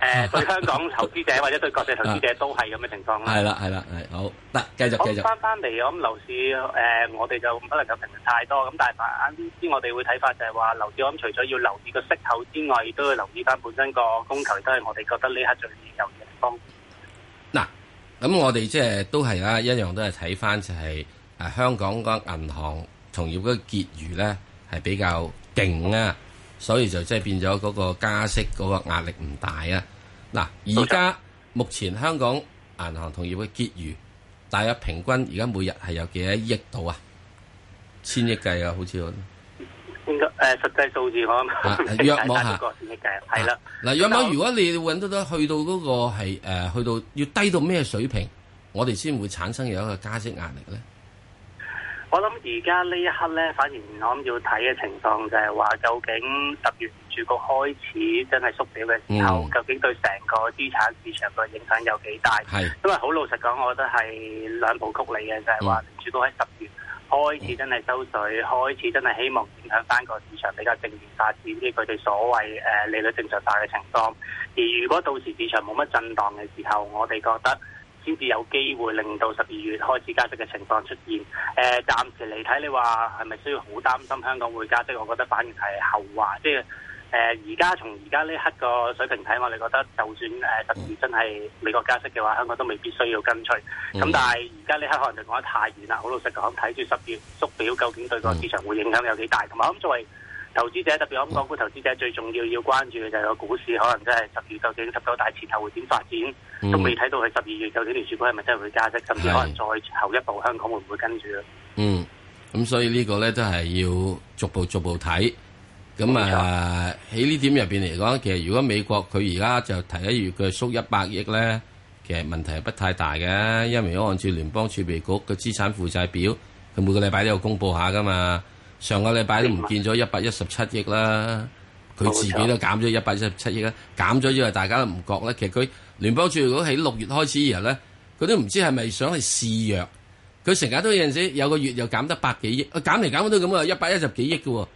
誒 對香港投資者或者對國際投資者都係咁嘅情況啦。係啦， 係啦，係好嗱，繼續繼續。翻翻嚟，咁樓市誒、呃，我哋就唔能夠講評論太多。咁但係啱先，我哋會睇法就係話樓市我諗，除咗要留意個息口之外，亦都要留意翻本身個供求，都係我哋覺得呢刻最易有逆風。嗱，咁我哋即係都係啦，一樣都係睇翻就係、是、誒、啊、香港個銀行同業嗰結餘咧係比較勁啊！所以就即係變咗嗰個加息嗰個壓力唔大啊！嗱，而家冇錯，目前香港銀行同業嘅結餘，大約平均而家每日係有幾多億度啊？千億計啊，好似應該誒、呃、實際數字我約摸下，千億計，係啦、啊。嗱、啊，約摸如果你揾得到去到嗰個係、呃、去到要低到咩水平，我哋先會產生有一個加息壓力咧。我諗而家呢一刻呢，反而我諗要睇嘅情況就係話，究竟十月儲局開始真係縮表嘅時候，嗯、究竟對成個資產市場嘅影響有幾大？係是，因為好老實講，我覺得係兩步曲嚟嘅，就係話儲局喺十月開始真係收水，嗯、開始真係希望影響翻個市場比較正面發展，即係佢哋所謂誒利率正常化嘅情況。而如果到時市場冇乜震盪嘅時候，我哋覺得。先至有機會令到十二月開始加息嘅情況出現。誒、呃，暫時嚟睇，你話係咪需要好擔心香港會加息？我覺得反而係後話。即係誒，而、呃、家從而家呢刻個水平睇，我哋覺得就算誒十二、呃、月真係美國加息嘅話，香港都未必需要跟隨。咁、嗯、但係而家呢刻可能就講得太遠啦。好老實講，睇住十月縮表究竟對個市場會影響有幾大？同埋咁、嗯、作為……投資者特別，我港股投資者最重要要關注嘅就係個股市，可能真係十二月究竟十九大前後會點發展，都未睇到佢十二月究竟聯儲局係咪真係會加息，甚至可能再後一步，香港會唔會跟住？嗯，咁所以個呢個咧都係要逐步逐步睇。咁啊喺呢錯點入邊嚟講，其實如果美國佢而家就提一月佢縮一百億咧，其實問題係不太大嘅，因為如果按照聯邦儲備局嘅資產負債表，佢每個禮拜都有公佈下噶嘛。上個禮拜都唔見咗一百一十七億啦，佢自己都減咗一百一十七億啦。減咗，因為大家都唔覺咧，其實佢聯邦儲局喺六月開始以後咧，佢都唔知係咪想去試藥，佢成日都有陣時有個月又減得百幾億，減嚟減去都咁啊，一百一十幾億嘅喎，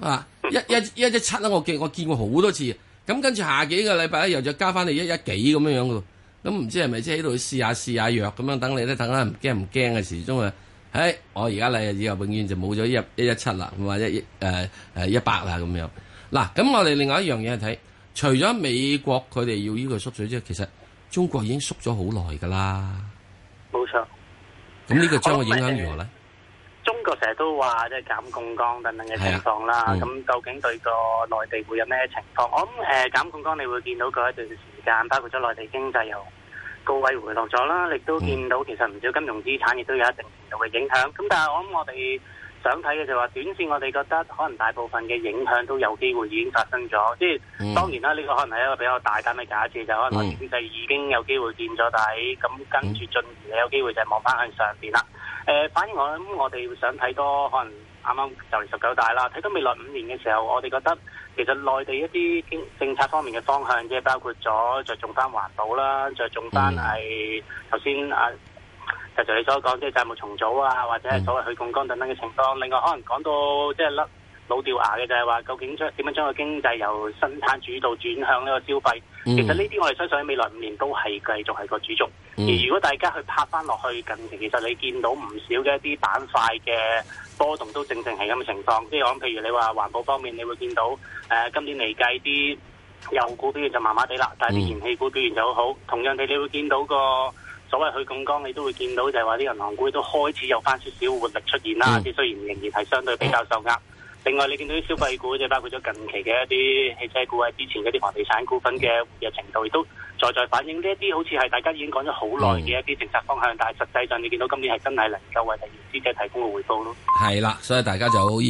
啊一一一一七啦，我見我見過好多次，咁跟住下幾個禮拜咧又再加翻嚟一一幾咁樣樣嘅，咁唔知係咪即係喺度試下試下藥咁樣，是是試試試樣等你咧等下唔驚唔驚嘅時鐘啊。誒、哎，我而家咧以後永遠就冇咗一一一七啦，咁啊一一誒誒一百啦咁樣。嗱、啊，咁我哋另外一樣嘢睇，除咗美國佢哋要呢個縮水之外，其實中國已經縮咗好耐噶啦。冇錯。咁呢個將會影響如何咧？中國成日都話即係減槓桿等等嘅情況啦，咁、啊嗯、究竟對個內地會有咩情況？我諗誒減槓桿，你會見到佢一段時間，包括咗內地經濟又高位回落咗啦，亦都見到其實唔少金融資產亦都有一定程度嘅影響。咁但係我諗我哋想睇嘅就係話，短線我哋覺得可能大部分嘅影響都有機會已經發生咗。即係當然啦，呢、這個可能係一個比較大膽嘅假設，就是、可能我已經濟已經有機會見咗底。咁、嗯、跟住進而有機會就係望翻向上邊啦。誒、呃，反而我諗我哋想睇多，可能啱啱就嚟十九大啦，睇到未來五年嘅時候，我哋覺得。其實內地一啲經政策方面嘅方向，即係包括咗着重翻環保啦，着重翻係頭先啊，就係你所講，即係債務重組啊，或者係所謂去槓桿等等嘅情況。嗯、另外，可能講到即係甩老掉牙嘅，就係話究竟將點樣將個經濟由生產主導轉向呢個消費。嗯、其實呢啲我哋相信喺未來五年都係繼續係個主軸。嗯、而如果大家去拍翻落去近期，其實你見到唔少嘅一啲板塊嘅。波動都正正係咁嘅情況，即、就、係、是、我譬如你話環保方面，你會見到誒、呃、今年嚟計啲油股表現就麻麻地啦，但係啲燃氣股表現就好。同樣地，你會見到個所謂去槓桿，你都會見到就係話啲銀行股都開始有返少少活力出現啦。即係、嗯、雖然仍然係相對比較受壓。另外，你見到啲消費股，即係包括咗近期嘅一啲汽車股啊，之前嗰啲房地產股份嘅活躍程度亦都，在在反映呢一啲好似係大家已經講咗好耐嘅一啲政策方向，但係實際上你見到今年係真係能夠為投資者提供個回報咯。係啦，所以大家就。